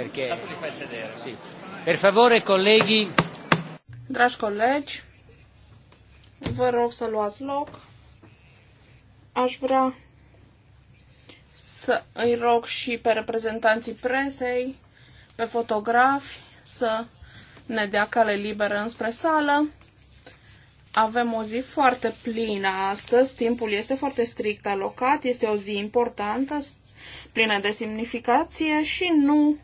perché... Sì. Per favore, colleghi. Dragi colegi, vă rog să luați loc. Aș vrea să îi rog și pe reprezentanții presei, pe fotografi, să ne dea cale liberă înspre sală. Avem o zi foarte plină astăzi, timpul este foarte strict alocat, este o zi importantă, plină de semnificație și nu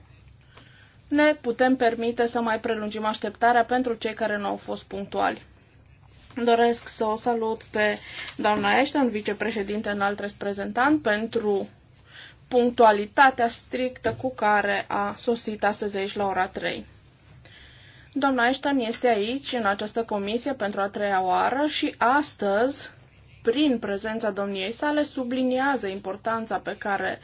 ne putem permite să mai prelungim așteptarea pentru cei care nu au fost punctuali. Doresc să o salut pe doamna Ashton, vicepreședinte înalt reprezentant, pentru punctualitatea strictă cu care a sosit astăzi aici la ora 3. Doamna Ashton este aici, în această comisie, pentru a treia oară și astăzi, prin prezența domniei sale, subliniază importanța pe care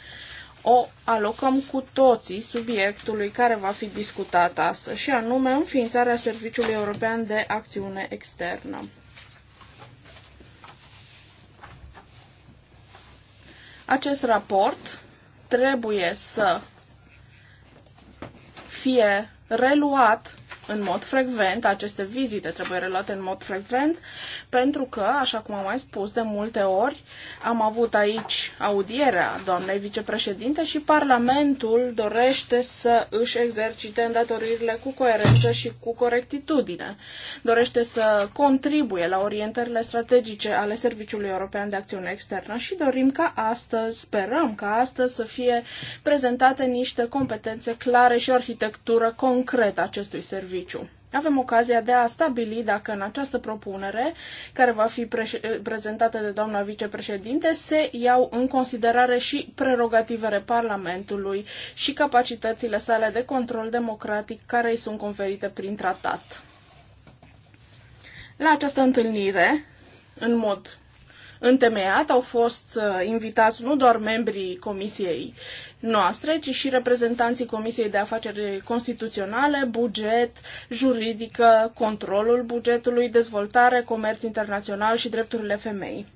o alocăm cu toții subiectului care va fi discutat astăzi, și anume înființarea Serviciului European de Acțiune Externă. Acest raport trebuie să fie reluat în mod frecvent, aceste vizite trebuie reluate în mod frecvent, pentru că, așa cum am mai spus de multe ori, am avut aici audierea doamnei vicepreședinte și Parlamentul dorește să își exercite îndatoririle cu coerență și cu corectitudine. Dorește să contribuie la orientările strategice ale Serviciului European de Acțiune Externă și dorim ca astăzi, sperăm ca astăzi să fie prezentate niște competențe clare și o arhitectură concretă acestui serviciu serviciu. Avem ocazia de a stabili dacă în această propunere, care va fi prezentată de doamna vicepreședinte, se iau în considerare și prerogativele Parlamentului și capacitățile sale de control democratic care îi sunt conferite prin tratat. La această întâlnire, în mod întemeiat, au fost uh, invitați nu doar membrii Comisiei noastre, ci și reprezentanții Comisiei de Afaceri Constituționale, Buget, Juridică, Controlul Bugetului, Dezvoltare, Comerț Internațional și Drepturile Femeii.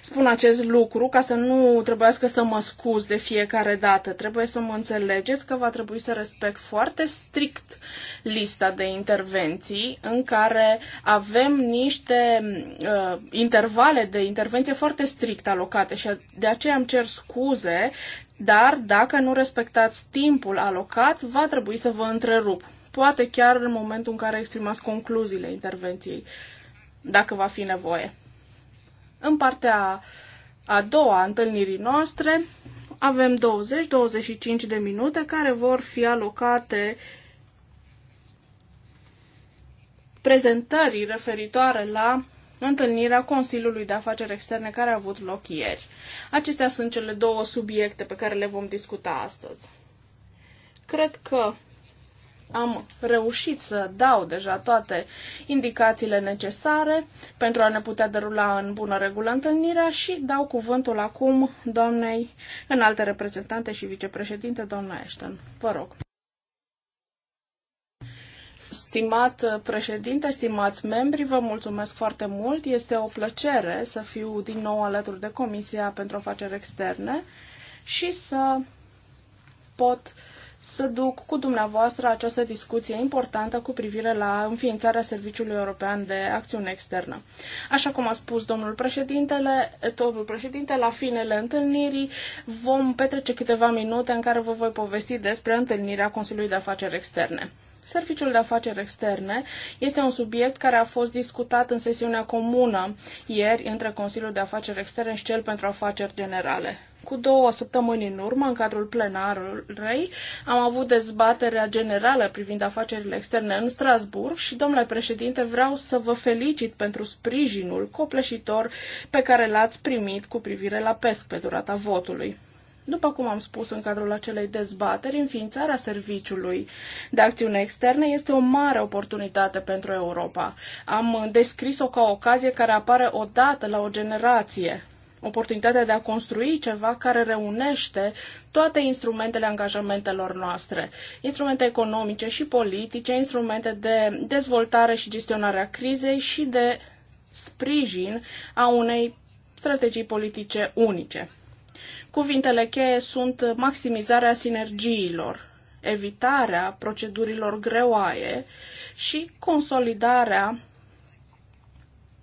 Spun acest lucru ca să nu trebuiască să mă scuz de fiecare dată. Trebuie să mă înțelegeți că va trebui să respect foarte strict lista de intervenții în care avem niște uh, intervale de intervenție foarte strict alocate și de aceea îmi cer scuze, dar dacă nu respectați timpul alocat, va trebui să vă întrerup. Poate chiar în momentul în care exprimați concluziile intervenției, dacă va fi nevoie. În partea a doua a întâlnirii noastre avem 20-25 de minute care vor fi alocate prezentării referitoare la întâlnirea Consiliului de Afaceri Externe care a avut loc ieri. Acestea sunt cele două subiecte pe care le vom discuta astăzi. Cred că am reușit să dau deja toate indicațiile necesare pentru a ne putea derula în bună regulă întâlnirea și dau cuvântul acum doamnei înalte reprezentante și vicepreședinte, doamna Ashton. Vă rog. Stimat președinte, stimați membri, vă mulțumesc foarte mult. Este o plăcere să fiu din nou alături de Comisia pentru Afaceri Externe și să pot uh, să duc cu dumneavoastră această discuție importantă cu privire la înființarea Serviciului European de Acțiune Externă. Așa cum a spus domnul președintele, domnul președinte, la finele întâlnirii vom petrece câteva minute în care vă voi povesti despre întâlnirea Consiliului de Afaceri Externe. Serviciul de afaceri externe este un subiect care a fost discutat în sesiunea comună ieri între Consiliul de Afaceri Externe și cel pentru afaceri generale. Cu două săptămâni în urmă, în cadrul plenarului, am avut dezbaterea generală privind afacerile externe în Strasburg și, domnule președinte, vreau să vă felicit pentru sprijinul copleșitor pe care l-ați primit cu privire la PESC pe durata votului. După cum am spus în cadrul acelei dezbateri, înființarea serviciului de acțiune externe este o mare oportunitate pentru Europa. Am descris-o ca o ocazie care apare odată la o generație oportunitatea de a construi ceva care reunește toate instrumentele angajamentelor noastre, instrumente economice și politice, instrumente de dezvoltare și gestionare a crizei și de sprijin a unei strategii politice unice. Cuvintele cheie sunt maximizarea sinergiilor, evitarea procedurilor greoaie și consolidarea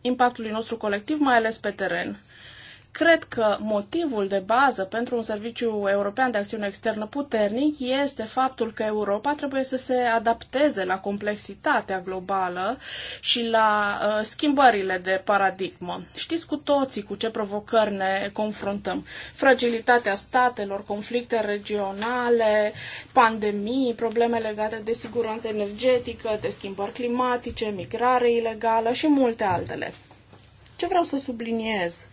impactului nostru colectiv, mai ales pe teren. Cred că motivul de bază pentru un serviciu european de acțiune externă puternic este faptul că Europa trebuie să se adapteze la complexitatea globală și la uh, schimbările de paradigmă. Știți cu toții cu ce provocări ne confruntăm. Fragilitatea statelor, conflicte regionale, pandemii, probleme legate de siguranță energetică, de schimbări climatice, migrare ilegală și multe altele. Ce vreau să subliniez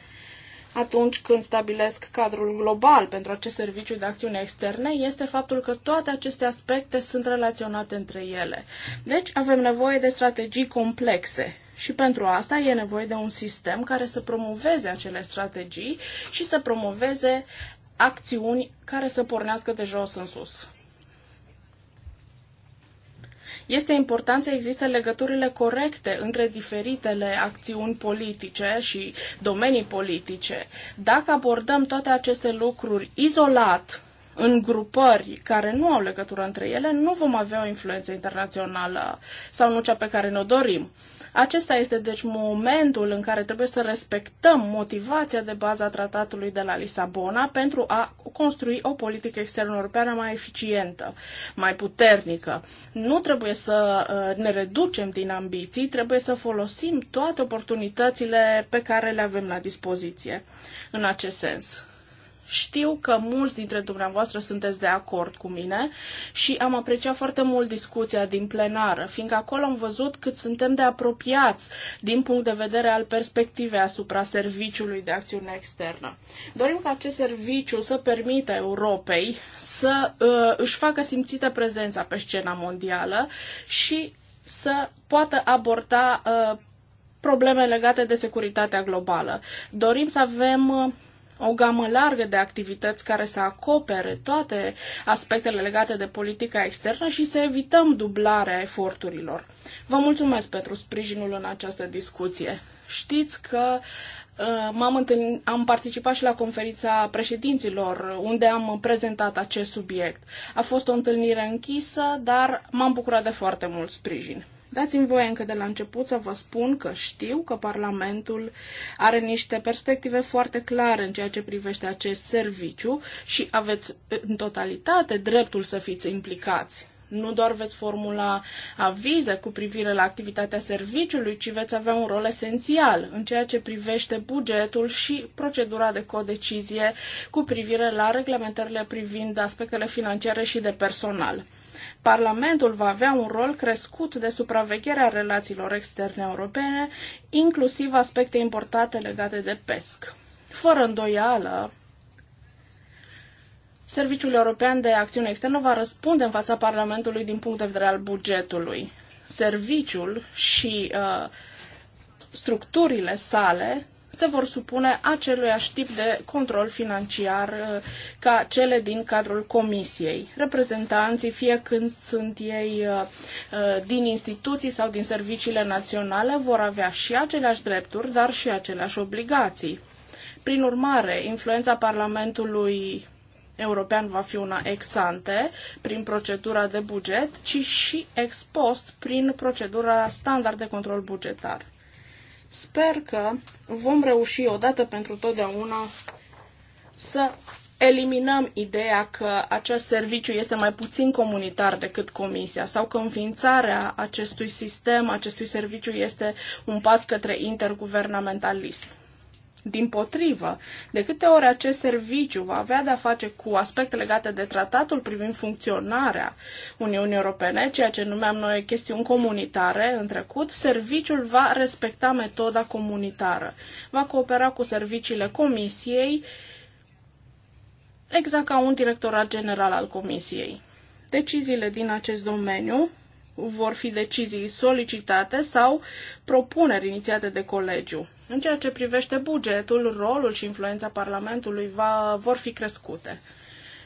atunci când stabilesc cadrul global pentru acest serviciu de acțiune externe este faptul că toate aceste aspecte sunt relaționate între ele. Deci avem nevoie de strategii complexe și pentru asta e nevoie de un sistem care să promoveze acele strategii și să promoveze acțiuni care să pornească de jos în sus. Este important să existe legăturile corecte între diferitele acțiuni politice și domenii politice. Dacă abordăm toate aceste lucruri izolat, în grupări care nu au legătură între ele, nu vom avea o influență internațională sau nu cea pe care ne-o dorim. Acesta este deci momentul în care trebuie să respectăm motivația de bază a tratatului de la Lisabona pentru a construi o politică externă europeană mai eficientă, mai puternică. Nu trebuie să uh, ne reducem din ambiții, trebuie să folosim toate oportunitățile pe care le avem la dispoziție în acest sens. Știu că mulți dintre dumneavoastră sunteți de acord cu mine și am apreciat foarte mult discuția din plenară, fiindcă acolo am văzut cât suntem de apropiați din punct de vedere al perspectivei asupra serviciului de acțiune externă. Dorim ca acest serviciu să permită Europei să uh, își facă simțită prezența pe scena mondială și să poată aborda uh, probleme legate de securitatea globală. Dorim să avem uh, o gamă largă de activități care să acopere toate aspectele legate de politica externă și să evităm dublarea eforturilor. Vă mulțumesc pentru sprijinul în această discuție. Știți că uh, M-am întâln... am participat și la conferința președinților, unde am prezentat acest subiect. A fost o întâlnire închisă, dar m-am bucurat de foarte mult sprijin. Dați-mi voie încă de la început să vă spun că știu că Parlamentul are niște perspective foarte clare în ceea ce privește acest serviciu și aveți în totalitate dreptul să fiți implicați. Nu doar veți formula avize cu privire la activitatea serviciului, ci veți avea un rol esențial în ceea ce privește bugetul și procedura de codecizie cu privire la reglementările privind aspectele financiare și de personal. Parlamentul va avea un rol crescut de supraveghere a relațiilor externe europene, inclusiv aspecte importante legate de pesc. Fără îndoială, Serviciul European de Acțiune Externă va răspunde în fața Parlamentului din punct de vedere al bugetului. Serviciul și uh, structurile sale se vor supune aceluiași tip de control financiar uh, ca cele din cadrul comisiei. Reprezentanții, fie când sunt ei uh, uh, din instituții sau din serviciile naționale, vor avea și aceleași drepturi, dar și aceleași obligații. Prin urmare, influența Parlamentului european va fi una ex ante prin procedura de buget, ci și ex post prin procedura standard de control bugetar. Sper că vom reuși odată pentru totdeauna să eliminăm ideea că acest serviciu este mai puțin comunitar decât comisia sau că înființarea acestui sistem, acestui serviciu este un pas către interguvernamentalism. Din potrivă, de câte ori acest serviciu va avea de-a face cu aspecte legate de tratatul privind funcționarea Uniunii Europene, ceea ce numeam noi chestiuni comunitare în trecut, serviciul va respecta metoda comunitară. Va coopera cu serviciile Comisiei, exact ca un directorat general al Comisiei. Deciziile din acest domeniu vor fi decizii solicitate sau propuneri inițiate de colegiu. În ceea ce privește bugetul, rolul și influența Parlamentului va, vor fi crescute.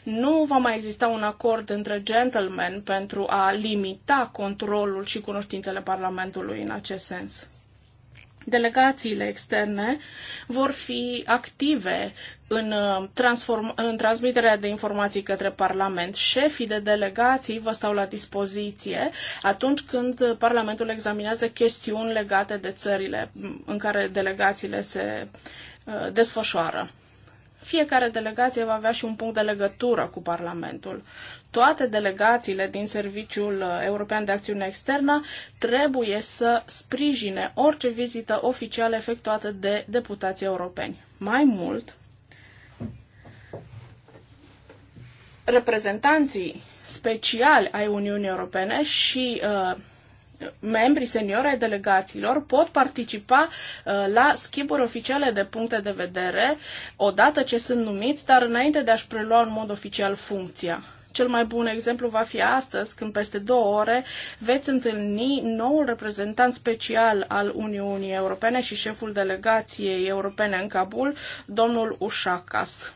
Nu va mai exista un acord între gentlemen pentru a limita controlul și cunoștințele Parlamentului în acest sens. Delegațiile externe vor fi active în, uh, transform, în transmiterea de informații către Parlament. Șefii de delegații vă stau la dispoziție atunci când Parlamentul examinează chestiuni legate de țările în care delegațiile se uh, desfășoară. Fiecare delegație va avea și un punct de legătură cu Parlamentul. Toate delegațiile din Serviciul uh, European de Acțiune Externă trebuie să sprijine orice vizită oficială efectuată de deputații europeni. Mai mult, reprezentanții speciali ai Uniunii Europene și uh, membrii seniori ai delegațiilor pot participa uh, la schimburi oficiale de puncte de vedere odată ce sunt numiți, dar înainte de a-și prelua în mod oficial funcția. Cel mai bun exemplu va fi astăzi, când peste două ore veți întâlni noul reprezentant special al Uniunii Europene și șeful delegației europene în Kabul, domnul Ușacas.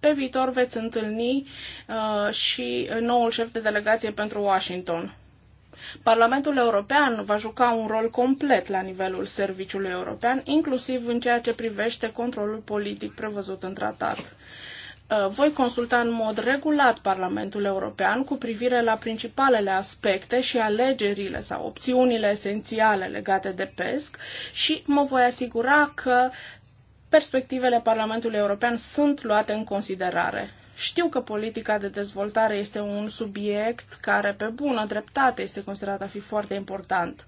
Pe viitor veți întâlni uh, și noul șef de delegație pentru Washington. Parlamentul European va juca un rol complet la nivelul Serviciului European, inclusiv în ceea ce privește controlul politic prevăzut în tratat. Uh, voi consulta în mod regulat Parlamentul European cu privire la principalele aspecte și alegerile sau opțiunile esențiale legate de PESC și mă voi asigura că perspectivele Parlamentului European sunt luate în considerare. Știu că politica de dezvoltare este un subiect care, pe bună dreptate, este considerat a fi foarte important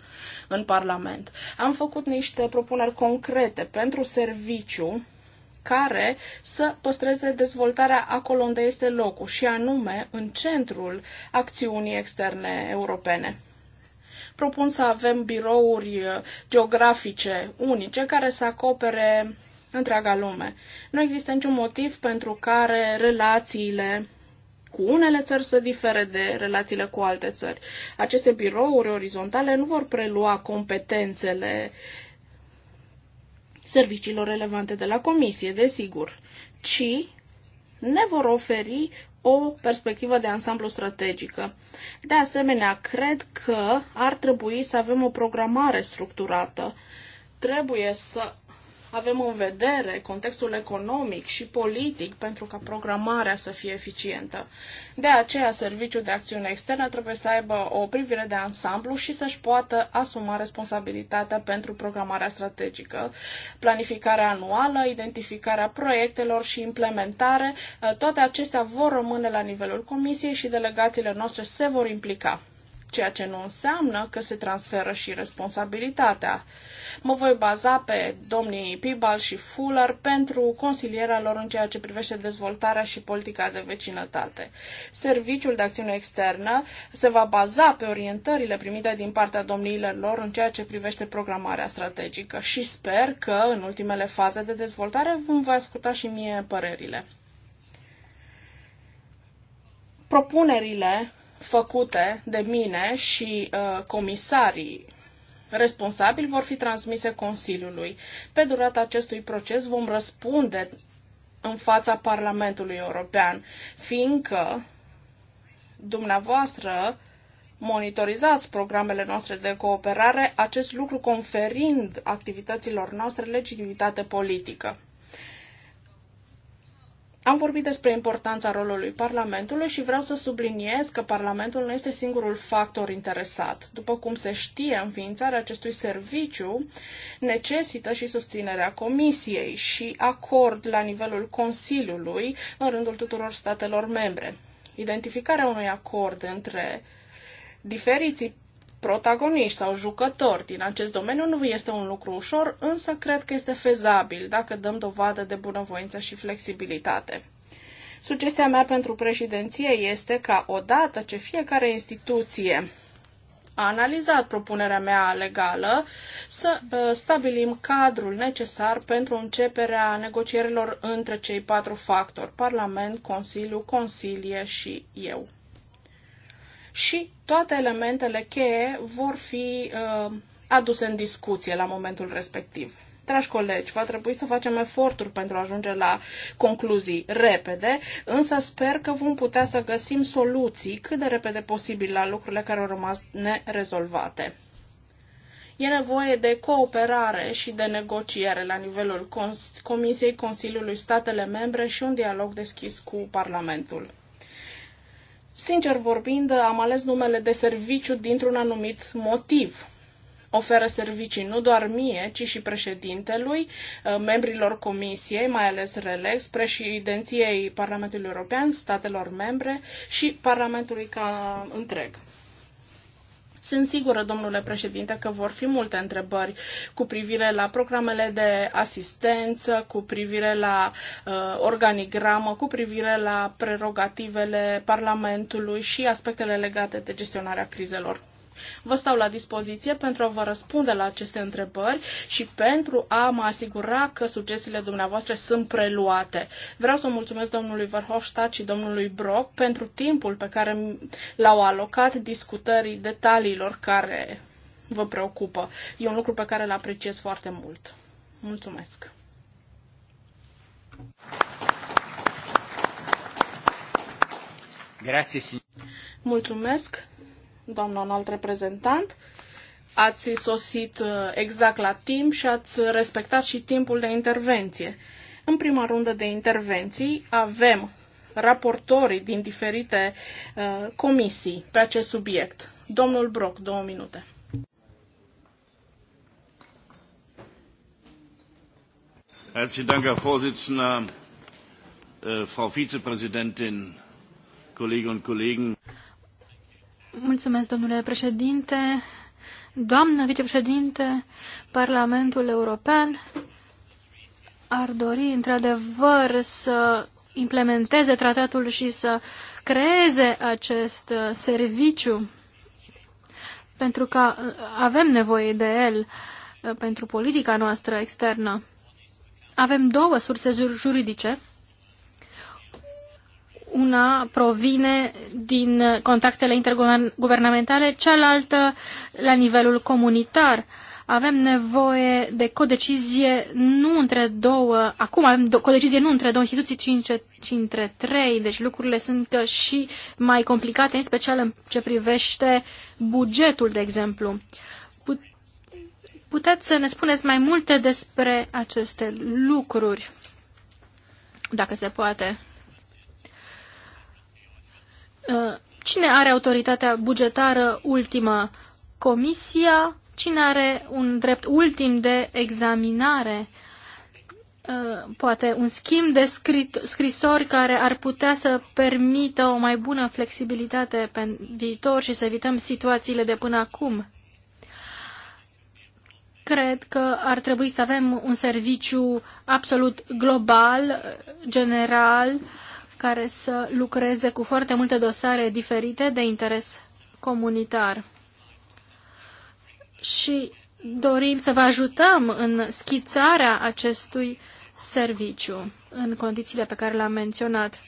în Parlament. Am făcut niște propuneri concrete pentru serviciu care să păstreze dezvoltarea acolo unde este locul, și anume în centrul acțiunii externe europene propun să avem birouri geografice unice care să acopere întreaga lume. Nu există niciun motiv pentru care relațiile cu unele țări să difere de relațiile cu alte țări. Aceste birouri orizontale nu vor prelua competențele serviciilor relevante de la comisie, desigur, ci ne vor oferi o perspectivă de ansamblu strategică. De asemenea, cred că ar trebui să avem o programare structurată. Trebuie să avem în vedere contextul economic și politic pentru ca programarea să fie eficientă. De aceea, Serviciul de Acțiune Externă trebuie să aibă o privire de ansamblu și să-și poată asuma responsabilitatea pentru programarea strategică, planificarea anuală, identificarea proiectelor și implementare. Toate acestea vor rămâne la nivelul Comisiei și delegațiile noastre se vor implica ceea ce nu înseamnă că se transferă și responsabilitatea. Mă voi baza pe domnii Pibal și Fuller pentru consilierea lor în ceea ce privește dezvoltarea și politica de vecinătate. Serviciul de acțiune externă se va baza pe orientările primite din partea domniilor lor în ceea ce privește programarea strategică și sper că în ultimele faze de dezvoltare vom vă asculta și mie părerile propunerile făcute de mine și uh, comisarii responsabili vor fi transmise Consiliului. Pe durata acestui proces vom răspunde în fața Parlamentului European, fiindcă dumneavoastră monitorizați programele noastre de cooperare, acest lucru conferind activităților noastre legitimitate politică. Am vorbit despre importanța rolului Parlamentului și vreau să subliniez că Parlamentul nu este singurul factor interesat. După cum se știe, înființarea acestui serviciu necesită și susținerea Comisiei și acord la nivelul Consiliului în rândul tuturor statelor membre. Identificarea unui acord între diferiții protagoniști sau jucători din acest domeniu nu este un lucru ușor, însă cred că este fezabil dacă dăm dovadă de bunăvoință și flexibilitate. Sugestia mea pentru președinție este ca odată ce fiecare instituție a analizat propunerea mea legală să stabilim cadrul necesar pentru începerea negocierilor între cei patru factori, Parlament, Consiliu, Consilie și eu și toate elementele cheie vor fi uh, aduse în discuție la momentul respectiv. Dragi colegi, va trebui să facem eforturi pentru a ajunge la concluzii repede, însă sper că vom putea să găsim soluții cât de repede posibil la lucrurile care au rămas nerezolvate. E nevoie de cooperare și de negociere la nivelul Comisiei Consiliului Statele Membre și un dialog deschis cu Parlamentul. Sincer vorbind, am ales numele de serviciu dintr-un anumit motiv. Oferă servicii nu doar mie, ci și președintelui, uh, membrilor comisiei, mai ales RELEX, președinției Parlamentului European, statelor membre și Parlamentului ca întreg. Sunt sigură, domnule președinte, că vor fi multe întrebări cu privire la programele de asistență, cu privire la uh, organigramă, cu privire la prerogativele Parlamentului și aspectele legate de gestionarea crizelor. Vă stau la dispoziție pentru a vă răspunde la aceste întrebări și pentru a mă asigura că sugestiile dumneavoastră sunt preluate. Vreau să mulțumesc domnului Verhofstadt și domnului Brock pentru timpul pe care l-au alocat discutării detaliilor care vă preocupă. E un lucru pe care îl apreciez foarte mult. Mulțumesc! Grazie, Mulțumesc, doamna înalt reprezentant. Ați sosit uh, exact la timp și ați respectat și timpul de intervenție. În prima rundă de intervenții avem raportorii din diferite uh, comisii pe acest subiect. Domnul Broc, două minute. Herzlichen Dank, Herr Vorsitzender, äh, Frau Vizepräsidentin, Kolleginnen und Kollegen. Mulțumesc, domnule președinte. Doamnă vicepreședinte, Parlamentul European ar dori, într-adevăr, să implementeze tratatul și să creeze acest serviciu, pentru că avem nevoie de el pentru politica noastră externă. Avem două surse juridice una provine din contactele interguvernamentale, cealaltă la nivelul comunitar. Avem nevoie de codecizie nu între două, acum avem codecizie nu între două instituții, ci, între, ci între trei, deci lucrurile sunt și mai complicate, în special în ce privește bugetul, de exemplu. Puteți să ne spuneți mai multe despre aceste lucruri, dacă se poate. Uh, cine are autoritatea bugetară ultimă? Comisia? Cine are un drept ultim de examinare? Uh, poate un schimb de scrisori care ar putea să permită o mai bună flexibilitate pe viitor și să evităm situațiile de până acum cred că ar trebui să avem un serviciu absolut global, general, care să lucreze cu foarte multe dosare diferite de interes comunitar. Și dorim să vă ajutăm în schițarea acestui serviciu, în condițiile pe care le-am menționat.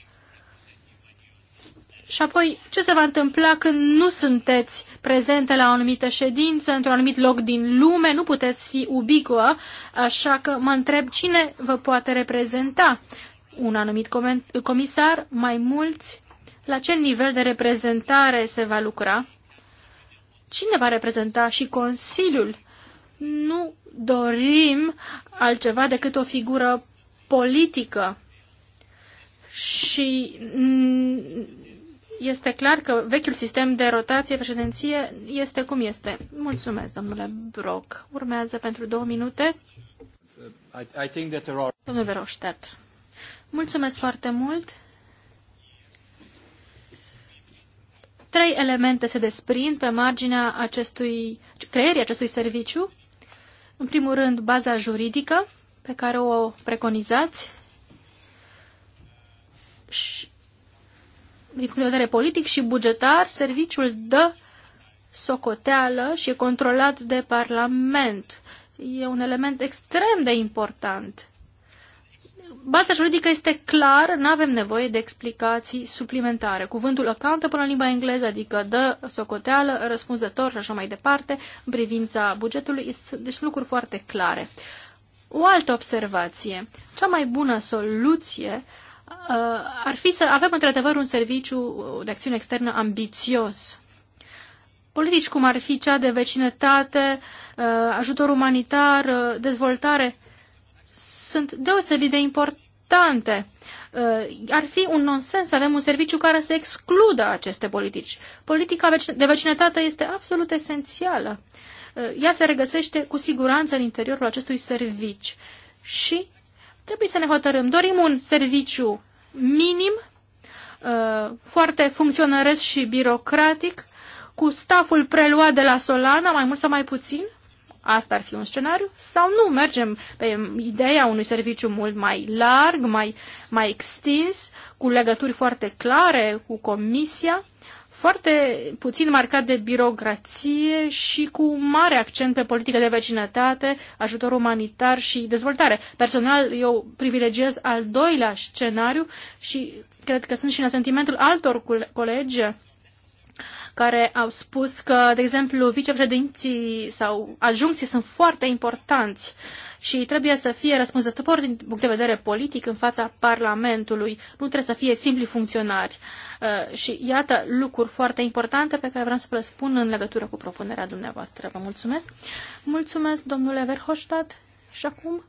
Și apoi, ce se va întâmpla când nu sunteți prezente la o anumită ședință, într-un anumit loc din lume, nu puteți fi ubicuă, așa că mă întreb cine vă poate reprezenta un anumit comisar, mai mulți, la ce nivel de reprezentare se va lucra, cine va reprezenta și Consiliul. Nu dorim altceva decât o figură politică și este clar că vechiul sistem de rotație președinție este cum este. Mulțumesc, domnule Brock. Urmează pentru două minute. I, I think that there are... Domnul Verhofstadt. Mulțumesc foarte mult! Trei elemente se desprind pe marginea acestui, creierii acestui serviciu. În primul rând, baza juridică pe care o preconizați și, din punct de vedere politic și bugetar, serviciul dă socoteală și e controlat de Parlament. E un element extrem de important baza juridică este clar, nu avem nevoie de explicații suplimentare. Cuvântul accountable în limba engleză, adică dă socoteală, răspunzător și așa mai departe, în privința bugetului, deci lucruri foarte clare. O altă observație. Cea mai bună soluție uh, ar fi să avem într-adevăr un serviciu de acțiune externă ambițios. Politici cum ar fi cea de vecinătate, uh, ajutor umanitar, uh, dezvoltare, sunt deosebit de importante. Uh, ar fi un nonsens să avem un serviciu care să excludă aceste politici. Politica de vecinătate este absolut esențială. Uh, ea se regăsește cu siguranță în interiorul acestui serviciu și trebuie să ne hotărâm. Dorim un serviciu minim, uh, foarte funcționăresc și birocratic, cu staful preluat de la Solana, mai mult sau mai puțin, Asta ar fi un scenariu? Sau nu? Mergem pe ideea unui serviciu mult mai larg, mai, mai extins, cu legături foarte clare cu comisia, foarte puțin marcat de birocrație și cu mare accent pe politică de vecinătate, ajutor umanitar și dezvoltare. Personal, eu privilegiez al doilea scenariu și cred că sunt și în sentimentul altor colegi care au spus că, de exemplu, vicepreședinții sau ajuncții sunt foarte importanți și trebuie să fie răspunzător din punct de vedere politic în fața Parlamentului. Nu trebuie să fie simpli funcționari. Uh, și iată lucruri foarte importante pe care vreau să vă spun în legătură cu propunerea dumneavoastră. Vă mulțumesc. Mulțumesc, domnule Verhoștat. Și acum,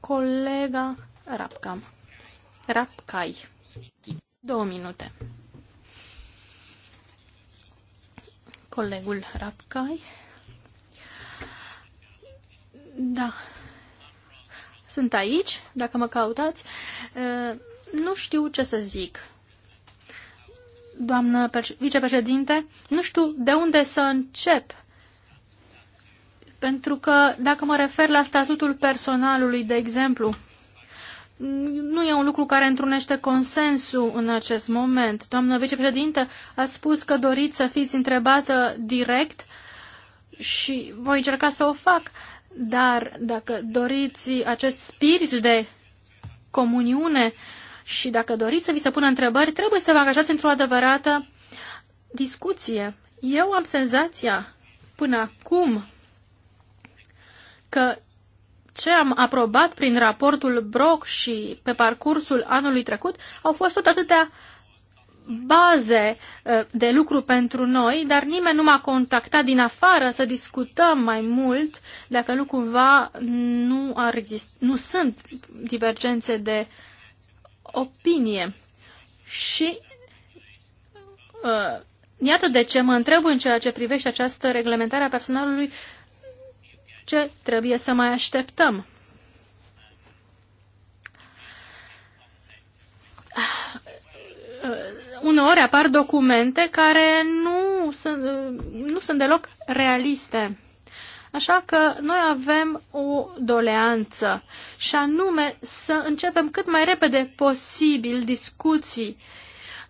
colega Rapcam. Rapcai. Două minute. colegul Rapcai. Da. Sunt aici, dacă mă cautați. Nu știu ce să zic. Doamnă vicepreședinte, nu știu de unde să încep. Pentru că, dacă mă refer la statutul personalului, de exemplu, nu e un lucru care întrunește consensul în acest moment. Doamnă vicepreședintă, ați spus că doriți să fiți întrebată direct și voi încerca să o fac, dar dacă doriți acest spirit de comuniune și dacă doriți să vi se pună întrebări, trebuie să vă angajați într-o adevărată discuție. Eu am senzația până acum că ce am aprobat prin raportul Brock și pe parcursul anului trecut au fost tot atâtea baze eh, de lucru pentru noi, dar nimeni nu m-a contactat din afară să discutăm mai mult dacă nu cumva nu, ar exist, nu sunt divergențe de opinie. Și uh, iată de ce mă întreb în ceea ce privește această reglementare a personalului uh, ce trebuie să mai așteptăm? Uneori apar documente care nu sunt, nu sunt deloc realiste. Așa că noi avem o doleanță și anume să începem cât mai repede posibil discuții uh,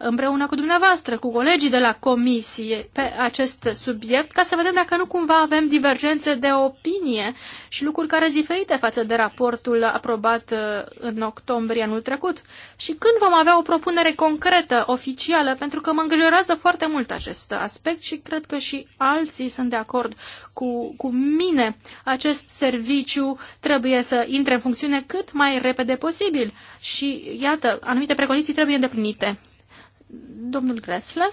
împreună cu dumneavoastră, cu colegii de la comisie pe acest subiect, ca să vedem dacă nu cumva avem divergențe de opinie și lucruri care sunt diferite față de raportul aprobat uh, în octombrie anul trecut. Și când vom avea o propunere concretă, oficială, pentru că mă îngrijorează foarte mult acest aspect și cred că și alții sunt de acord cu, cu mine. Acest serviciu trebuie să intre în funcțiune cât mai repede posibil și, iată, anumite precondiții trebuie îndeplinite. Domnul Gresle,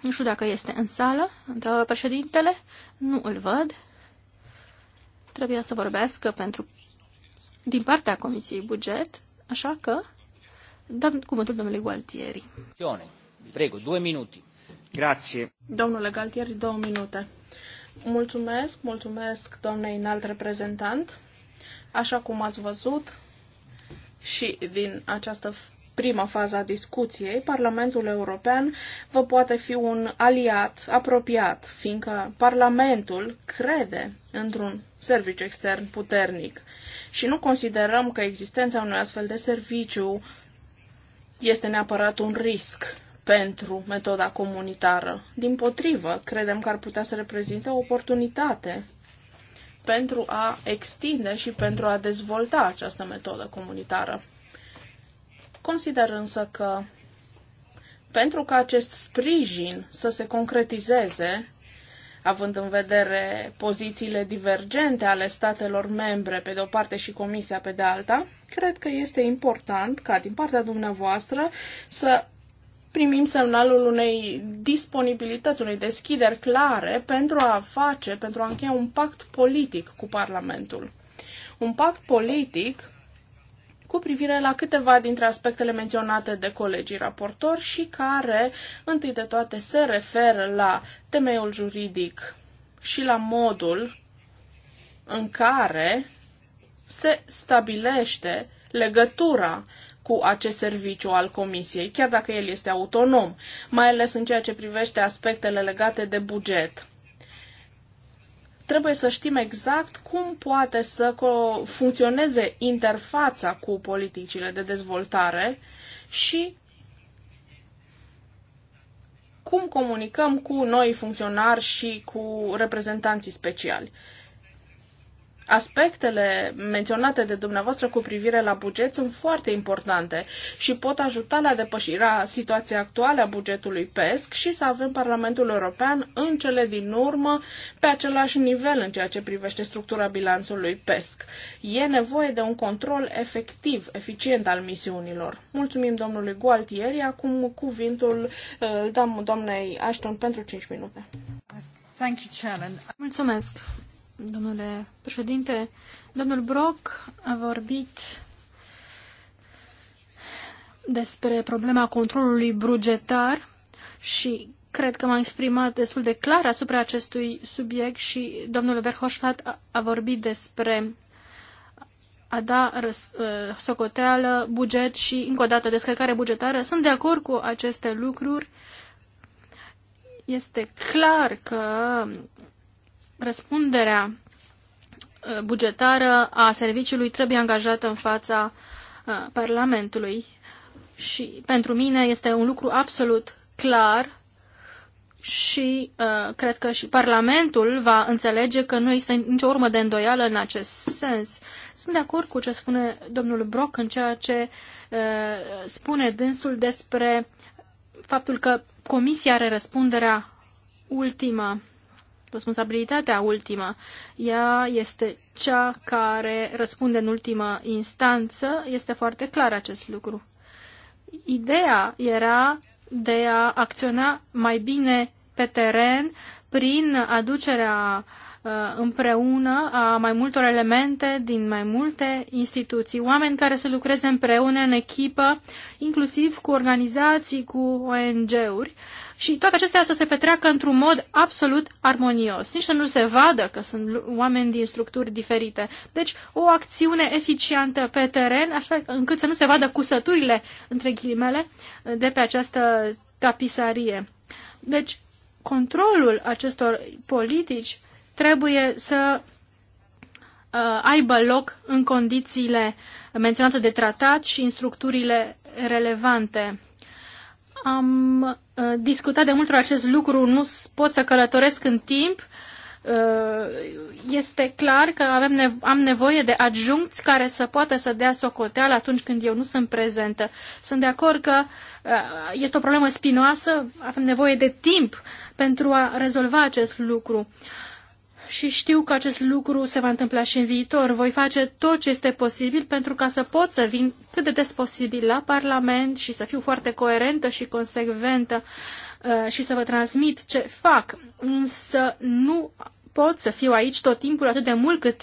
nu știu dacă este în sală, întreabă președintele, nu îl văd. Trebuia să vorbească pentru din partea Comisiei Buget, așa că dăm cuvântul domnului Gualtieri. Prego, două minute. Grazie. Domnule Galtieri, două minute. Mulțumesc, mulțumesc doamnei înalt reprezentant. Așa cum ați văzut și din această prima fază a discuției, Parlamentul European vă poate fi un aliat apropiat, fiindcă Parlamentul crede într-un serviciu extern puternic și nu considerăm că existența unui astfel de serviciu este neapărat un risc pentru metoda comunitară. Din potrivă, credem că ar putea să reprezinte o oportunitate pentru a extinde și pentru a dezvolta această metodă comunitară. Consider însă că pentru ca acest sprijin să se concretizeze, având în vedere pozițiile divergente ale statelor membre pe de o parte și Comisia pe de alta, cred că este important ca din partea dumneavoastră să primim semnalul unei disponibilități, unei deschideri clare pentru a face, pentru a încheia un pact politic cu Parlamentul. Un pact politic cu privire la câteva dintre aspectele menționate de colegii raportori și care, întâi de toate, se referă la temeiul juridic și la modul în care se stabilește legătura cu acest serviciu al Comisiei, chiar dacă el este autonom, mai ales în ceea ce privește aspectele legate de buget trebuie să știm exact cum poate să funcționeze interfața cu politicile de dezvoltare și cum comunicăm cu noi funcționari și cu reprezentanții speciali. Aspectele menționate de dumneavoastră cu privire la buget sunt foarte importante și pot ajuta la depășirea situației actuale a bugetului PESC și să avem Parlamentul European în cele din urmă pe același nivel în ceea ce privește structura bilanțului PESC. E nevoie de un control efectiv, eficient al misiunilor. Mulțumim domnului Gualtieri. Acum cuvintul îl uh, dăm doamnei Ashton pentru 5 minute. Thank you, Mulțumesc domnule președinte. Domnul Brock a vorbit despre problema controlului brugetar și cred că m-am exprimat destul de clar asupra acestui subiect și domnul Verhoșfat a, a vorbit despre a da răs, ă, socoteală, buget și încă o dată descărcare bugetară. Sunt de acord cu aceste lucruri. Este clar că Răspunderea uh, bugetară a serviciului trebuie angajată în fața uh, Parlamentului și pentru mine este un lucru absolut clar și uh, cred că și Parlamentul va înțelege că nu este nicio urmă de îndoială în acest sens. Sunt de acord cu ce spune domnul Brock în ceea ce uh, spune dânsul despre faptul că Comisia are răspunderea ultimă Responsabilitatea ultimă, ea este cea care răspunde în ultimă instanță, este foarte clar acest lucru. Ideea era de a acționa mai bine pe teren prin aducerea uh, împreună a mai multor elemente din mai multe instituții, oameni care să lucreze împreună în echipă, inclusiv cu organizații, cu ONG-uri, uh, și toate acestea să se petreacă într-un mod absolut armonios, nici să nu se vadă că sunt oameni din structuri diferite. Deci o acțiune eficientă pe teren, așa încât să nu se vadă cusăturile, între ghilimele, de pe această tapisarie. Deci controlul acestor politici trebuie să uh, aibă loc în condițiile menționate de tratat și în structurile relevante. Am Uh, discutat de multe ori acest lucru, nu pot să călătoresc în timp, uh, este clar că avem nevo am nevoie de adjuncți care să poată să dea socoteală atunci când eu nu sunt prezentă. Sunt de acord că uh, este o problemă spinoasă, avem nevoie de timp pentru a rezolva acest lucru. Uh, și știu că acest lucru se va întâmpla și în viitor. Voi face tot ce este posibil pentru ca să pot să vin cât de des posibil la Parlament și să fiu foarte coerentă și consecventă uh, și să vă transmit ce fac. Însă nu pot să fiu aici tot timpul atât de mult cât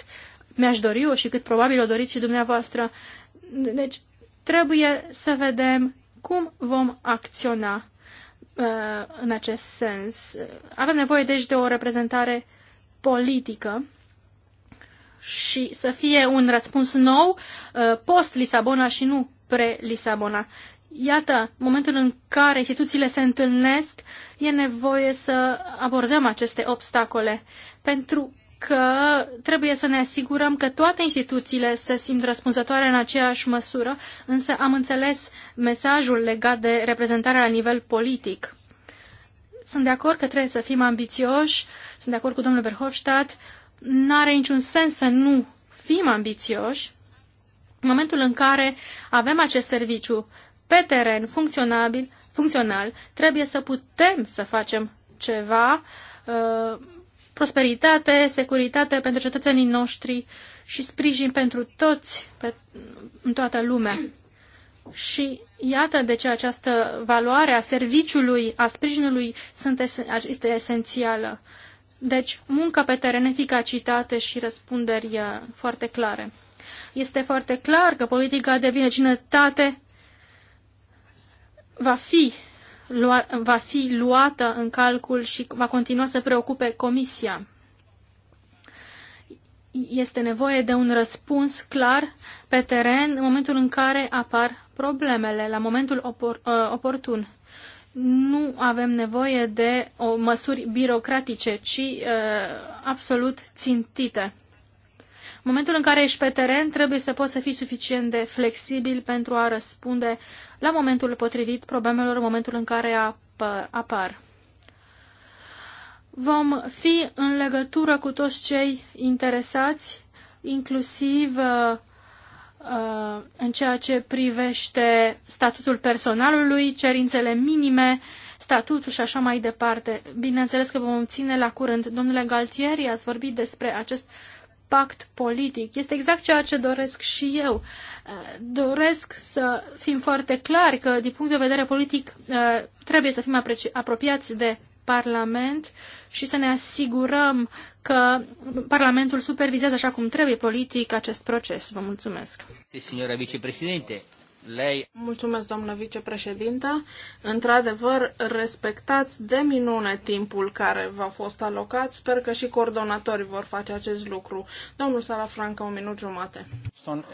mi-aș dori eu și cât probabil o doriți și dumneavoastră. Deci trebuie să vedem cum vom acționa uh, în acest sens. Avem nevoie deci de o reprezentare politică și să fie un răspuns nou uh, post-Lisabona și nu pre-Lisabona. Iată, momentul în care instituțiile se întâlnesc, e nevoie să abordăm aceste obstacole, pentru că trebuie să ne asigurăm că toate instituțiile se simt răspunzătoare în aceeași măsură, însă am înțeles mesajul legat de reprezentarea la nivel politic sunt de acord că trebuie să fim ambițioși, sunt de acord cu domnul Verhofstadt, n-are niciun sens să nu fim ambițioși în momentul în care avem acest serviciu pe teren funcționabil, funcțional, trebuie să putem să facem ceva, uh, prosperitate, securitate pentru cetățenii noștri și sprijin pentru toți, pe, în toată lumea. Și Iată de ce această valoare a serviciului, a sprijinului sunt es este esențială. Deci, muncă pe teren, eficacitate și răspunderi uh, foarte clare. Este foarte clar că politica de vinecinătate va fi, lua, va fi luată în calcul și va continua să preocupe Comisia. Este nevoie de un răspuns clar pe teren în momentul în care apar problemele la momentul opor, uh, oportun. Nu avem nevoie de o măsuri birocratice, ci uh, absolut țintite. În momentul în care ești pe teren, trebuie să poți să fii suficient de flexibil pentru a răspunde la momentul potrivit problemelor în momentul în care apar. Vom fi în legătură cu toți cei interesați, inclusiv uh, Uh, în ceea ce privește statutul personalului, cerințele minime, statutul și așa mai departe. Bineînțeles că vom ține la curând. Domnule Galtieri, ați vorbit despre acest pact politic. Este exact ceea ce doresc și eu. Uh, doresc să fim foarte clari că, din punct de vedere politic, uh, trebuie să fim apropiați de Parlament și să ne asigurăm că Parlamentul supervizează așa cum trebuie politic acest proces. Vă mulțumesc. Signora vicepreședinte, lei... Mulțumesc, doamnă vicepreședintă. Într-adevăr, respectați de minune timpul care v-a fost alocat. Sper că și coordonatorii vor face acest lucru. Domnul Sara Franca, un minut jumate.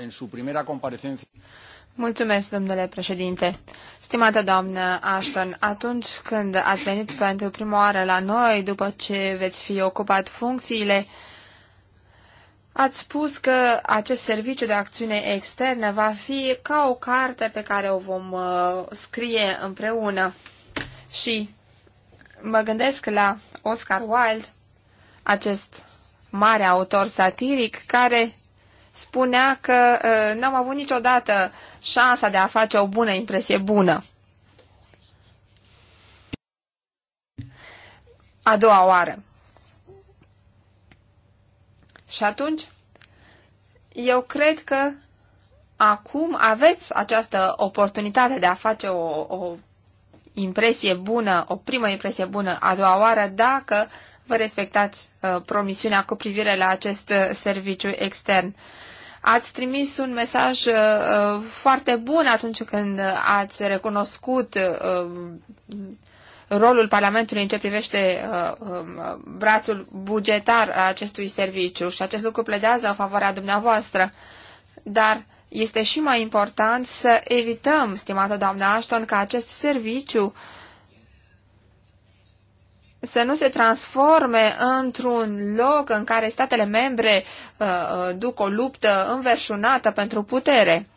În su primera Mulțumesc, domnule președinte. Stimată doamnă Ashton, atunci când ați venit pentru prima oară la noi, după ce veți fi ocupat funcțiile, ați spus că acest serviciu de acțiune externă va fi ca o carte pe care o vom uh, scrie împreună. Și mă gândesc la Oscar Wilde, acest mare autor satiric care spunea că uh, n-am avut niciodată șansa de a face o bună impresie bună. A doua oară. Și atunci, eu cred că acum aveți această oportunitate de a face o, o impresie bună, o primă impresie bună a doua oară, dacă uh, vă respectați uh, promisiunea cu privire la acest uh, serviciu extern. Ați trimis un mesaj uh, foarte bun atunci când ați recunoscut rolul Parlamentului în ce privește um, brațul bugetar al acestui serviciu și acest lucru pledează în favoarea dumneavoastră. Dar este și mai important să evităm, stimată doamna Ashton, ca acest serviciu uh, să nu se transforme într-un loc în care statele membre uh, uh, duc o luptă înverșunată pentru putere.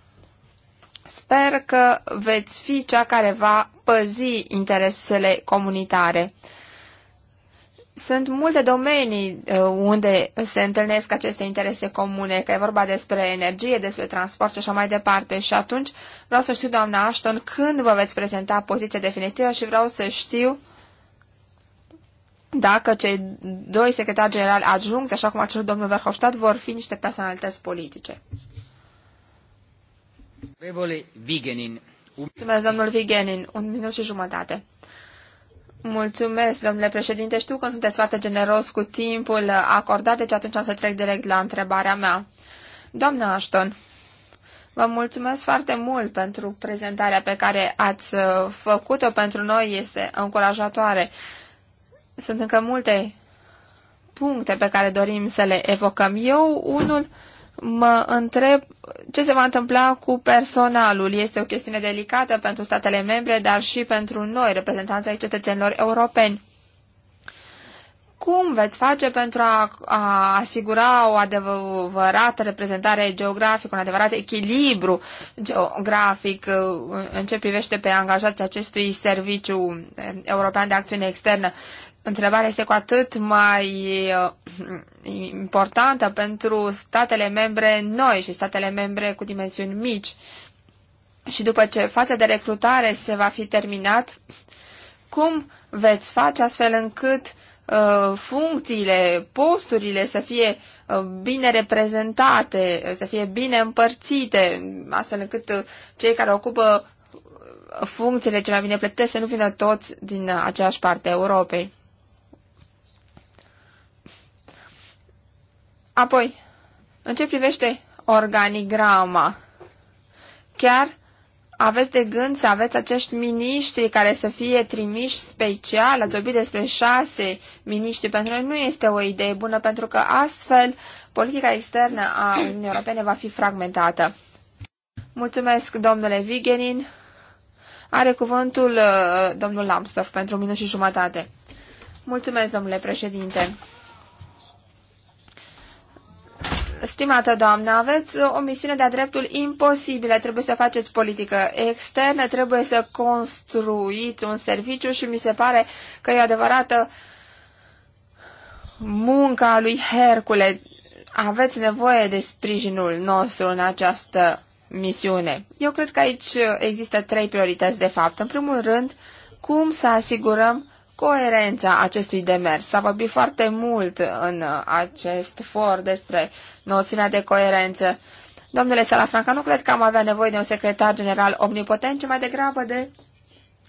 Sper că veți fi cea care va păzi interesele comunitare. Sunt multe domenii uh, unde se întâlnesc aceste interese comune, că e vorba despre energie, despre transport și așa mai departe. Și atunci vreau să știu, doamna Ashton, când vă veți prezenta poziția definitivă și vreau să știu uh, dacă cei doi secretari generali adjuncți, așa cum a cerut domnul Verhofstadt, vor fi niște personalități politice. Vigenin. Mulțumesc, domnul Vigenin. Un minut și jumătate. Mulțumesc, domnule președinte. Știu că sunteți foarte generos cu timpul acordat, deci atunci am să trec direct la întrebarea mea. Doamna Ashton, vă mulțumesc foarte mult pentru prezentarea pe care ați făcut-o. Pentru noi este încurajatoare sunt încă multe puncte pe care dorim să le evocăm. Eu, unul, mă întreb ce se va întâmpla cu personalul. Este o chestiune delicată pentru statele membre, dar și pentru noi, reprezentanții ai cetățenilor europeni. Cum veți face pentru a, a asigura o adevărată reprezentare geografică, un adevărat echilibru geografic în ce privește pe angajații acestui serviciu european de acțiune externă? Întrebarea este cu atât mai uh, importantă pentru statele membre noi și statele membre cu dimensiuni mici. Și după ce faza de recrutare se va fi terminat, cum veți face astfel încât uh, funcțiile, posturile să fie uh, bine reprezentate, să fie bine împărțite, astfel încât cei care ocupă funcțiile cele mai bine plătite să nu vină toți din aceeași parte a Europei. Apoi, în ce privește organigrama, chiar aveți de gând să aveți acești miniștri care să fie trimiși special? Ați vorbit despre șase miniștri. Pentru noi nu este o idee bună, pentru că astfel politica externă a Uniunii Europene va fi fragmentată. Mulțumesc, domnule Vigenin. Are cuvântul uh, domnul Lambsdorff pentru un minut și jumătate. Mulțumesc, domnule președinte. Stimată doamnă, aveți o misiune de-a dreptul imposibilă. Trebuie să faceți politică externă, trebuie să construiți un serviciu și mi se pare că e adevărată munca lui Hercule. Aveți nevoie de sprijinul nostru în această misiune. Eu cred că aici există trei priorități, de fapt. În primul rând, cum să asigurăm coerența acestui demers. S-a vorbit foarte mult în acest for despre noțiunea de coerență. Domnule Salafranca, nu cred că am avea nevoie de un secretar general omnipotent, ci mai degrabă de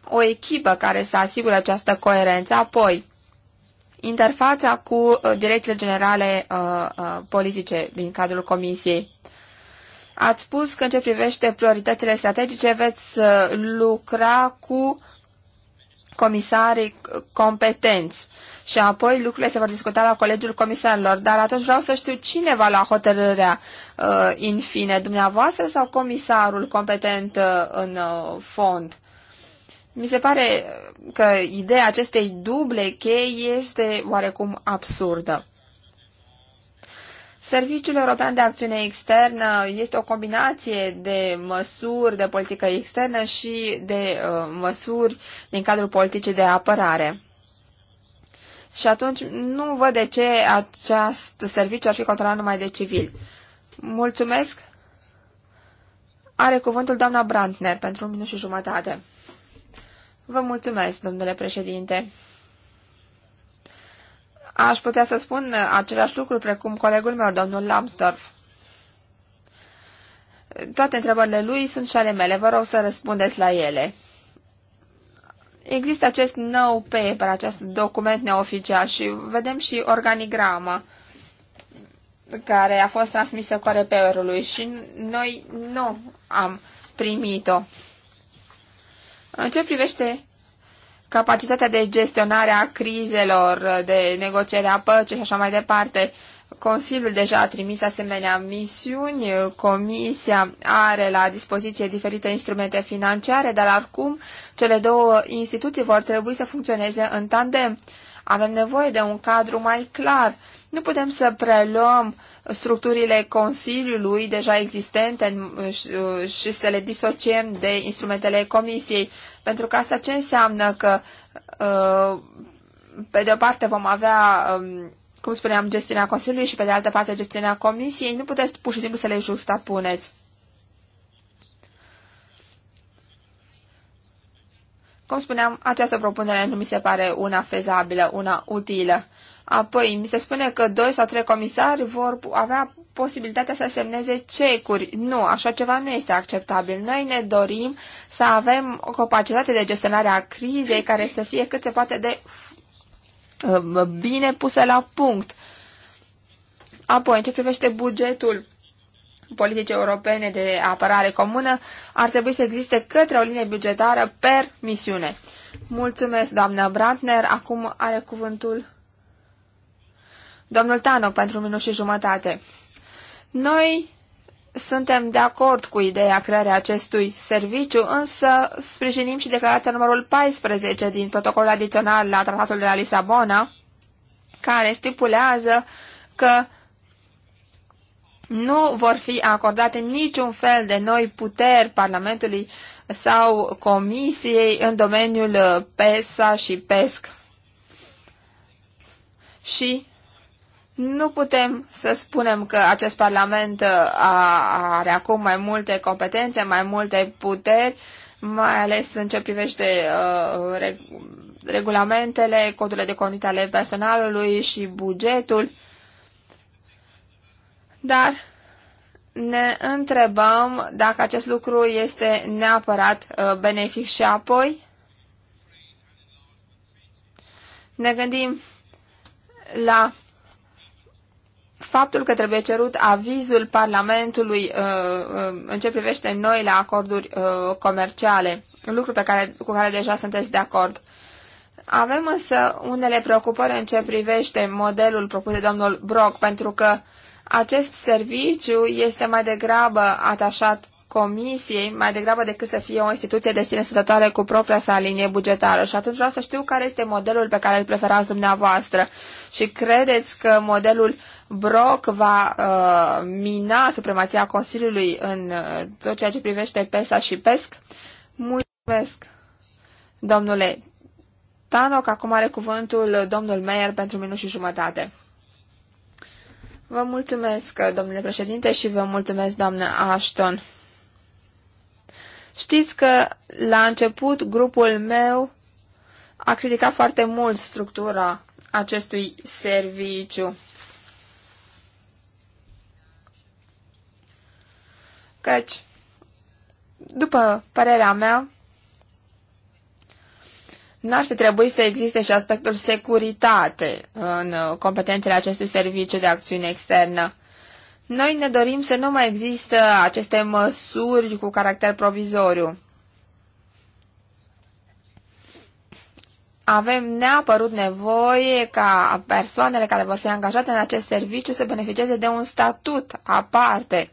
o echipă care să asigure această coerență. Apoi, interfața cu uh, direcțiile generale uh, uh, politice din cadrul Comisiei. Ați spus că în ce privește prioritățile strategice veți uh, lucra cu uh, comisarii competenți și apoi lucrurile se vor discuta la Colegiul Comisarilor, dar atunci vreau să știu cine va lua hotărârea uh, in fine, dumneavoastră sau comisarul competent uh, în uh, fond. Mi se pare că ideea acestei duble chei este oarecum absurdă. Serviciul European de Acțiune Externă este o combinație de măsuri de politică externă și de uh, măsuri din cadrul politicii de apărare. Și atunci nu văd de ce acest serviciu ar fi controlat numai de civil. Mulțumesc! Are cuvântul doamna Brandner pentru un minut și jumătate. Vă mulțumesc, domnule președinte. Aș putea să spun uh, același lucru precum colegul meu, domnul Lambsdorff. Toate întrebările lui sunt și ale mele, vă rog să răspundeți la ele. Există acest nou paper, acest document neoficial și vedem și organigrama care a fost transmisă corepeorului și noi nu am primit-o. În ce privește capacitatea de gestionare a crizelor, de negocierea păcii și așa mai departe. Consiliul deja a trimis asemenea misiuni, Comisia are la dispoziție diferite instrumente financiare, dar acum cele două instituții vor trebui să funcționeze în tandem. Avem nevoie de un cadru mai clar nu putem să preluăm structurile Consiliului deja existente și să le disociem de instrumentele Comisiei, pentru că asta ce înseamnă că, uh, pe de o parte, vom avea um, cum spuneam, gestiunea Consiliului și, pe de altă parte, gestiunea Comisiei, nu puteți pur și simplu să le justapuneți. Cum spuneam, această propunere nu mi se pare una fezabilă, una utilă. Apoi, mi se spune că doi sau trei comisari vor avea posibilitatea să semneze cecuri. Nu, așa ceva nu este acceptabil. Noi ne dorim să avem o capacitate de gestionare a crizei care să fie cât se poate de um, bine pusă la punct. Apoi, în ce privește bugetul politici europene de apărare comună, ar trebui să existe către o linie bugetară per misiune. Mulțumesc, doamnă Brandner. Acum are cuvântul Domnul Tanoc, pentru minut și jumătate. Noi suntem de acord cu ideea crearea acestui serviciu, însă sprijinim și declarația numărul 14 din protocolul adițional la Tratatul de la Lisabona, care stipulează că nu vor fi acordate niciun fel de noi puteri Parlamentului sau Comisiei în domeniul uh, PESA și PESC. Și nu putem să spunem că acest Parlament uh, are acum mai multe competențe, mai multe puteri, mai ales în ce privește uh, regulamentele, codurile de conduită ale personalului și bugetul. Dar ne întrebăm dacă acest lucru este neapărat uh, benefic și apoi ne gândim la faptul că trebuie cerut avizul Parlamentului uh, uh, în ce privește noile acorduri uh, comerciale, lucru pe care, cu care deja sunteți de acord. Avem însă unele preocupări în ce privește modelul propus de domnul Brock, pentru că acest serviciu este mai degrabă atașat comisiei, mai degrabă decât să fie o instituție de sine stătătoare cu propria sa linie bugetară. Și atunci vreau să știu care este modelul pe care îl preferați dumneavoastră. Și credeți că modelul Brock va uh, mina supremația Consiliului în uh, tot ceea ce privește PESA și PESC? Mulțumesc, domnule Tanoc. Acum are cuvântul domnul Meyer pentru minut și jumătate. Vă mulțumesc, domnule președinte, și vă mulțumesc, doamnă Ashton. Știți că la început grupul meu a criticat foarte mult structura acestui serviciu. Căci, după părerea mea, n-ar fi trebuit să existe și aspectul securitate în competențele acestui serviciu de acțiune externă. Noi ne dorim să nu mai există aceste măsuri cu caracter provizoriu. Avem neapărut nevoie ca persoanele care vor fi angajate în acest serviciu să beneficieze de un statut aparte.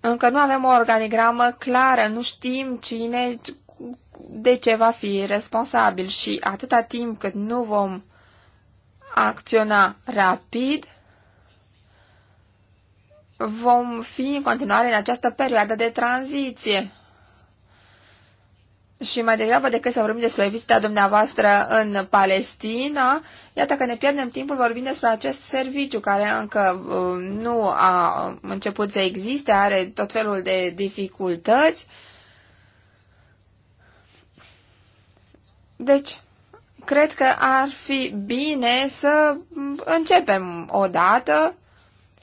Încă nu avem o organigramă clară, nu știm cine de ce va fi responsabil și atâta timp cât nu vom acționa rapid, vom fi în continuare în această perioadă de tranziție. Și mai degrabă decât să vorbim despre vizita dumneavoastră în Palestina, iată că ne pierdem timpul vorbind despre acest serviciu care încă uh, nu a început să existe, are tot felul de dificultăți. Deci, cred că ar fi bine să începem odată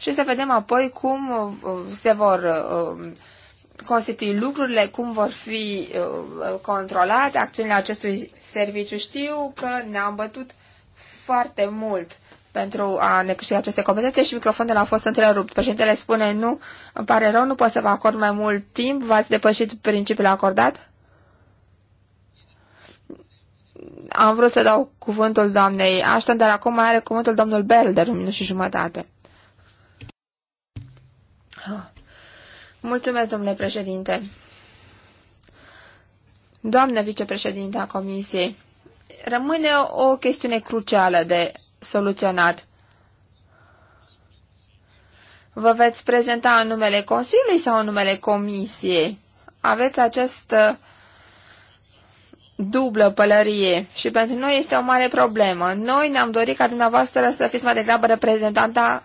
și să vedem apoi cum uh, se vor uh, constitui lucrurile, cum vor fi uh, controlate acțiunile acestui serviciu. Știu că ne-am bătut foarte mult pentru a ne câștiga aceste competențe și microfonul a fost întrerupt. Președintele spune, nu, îmi pare rău, nu pot să vă acord mai mult timp, v-ați depășit principiul acordat? Am vrut să dau cuvântul doamnei Ashton, dar acum are cuvântul domnul Bell de un minut și jumătate. Mulțumesc, domnule președinte. Doamnă vicepreședinte a Comisiei, rămâne o chestiune crucială de soluționat. Vă veți prezenta în numele Consiliului sau în numele Comisiei? Aveți această dublă pălărie și pentru noi este o mare problemă. Noi ne-am dorit ca dumneavoastră să fiți mai degrabă reprezentanta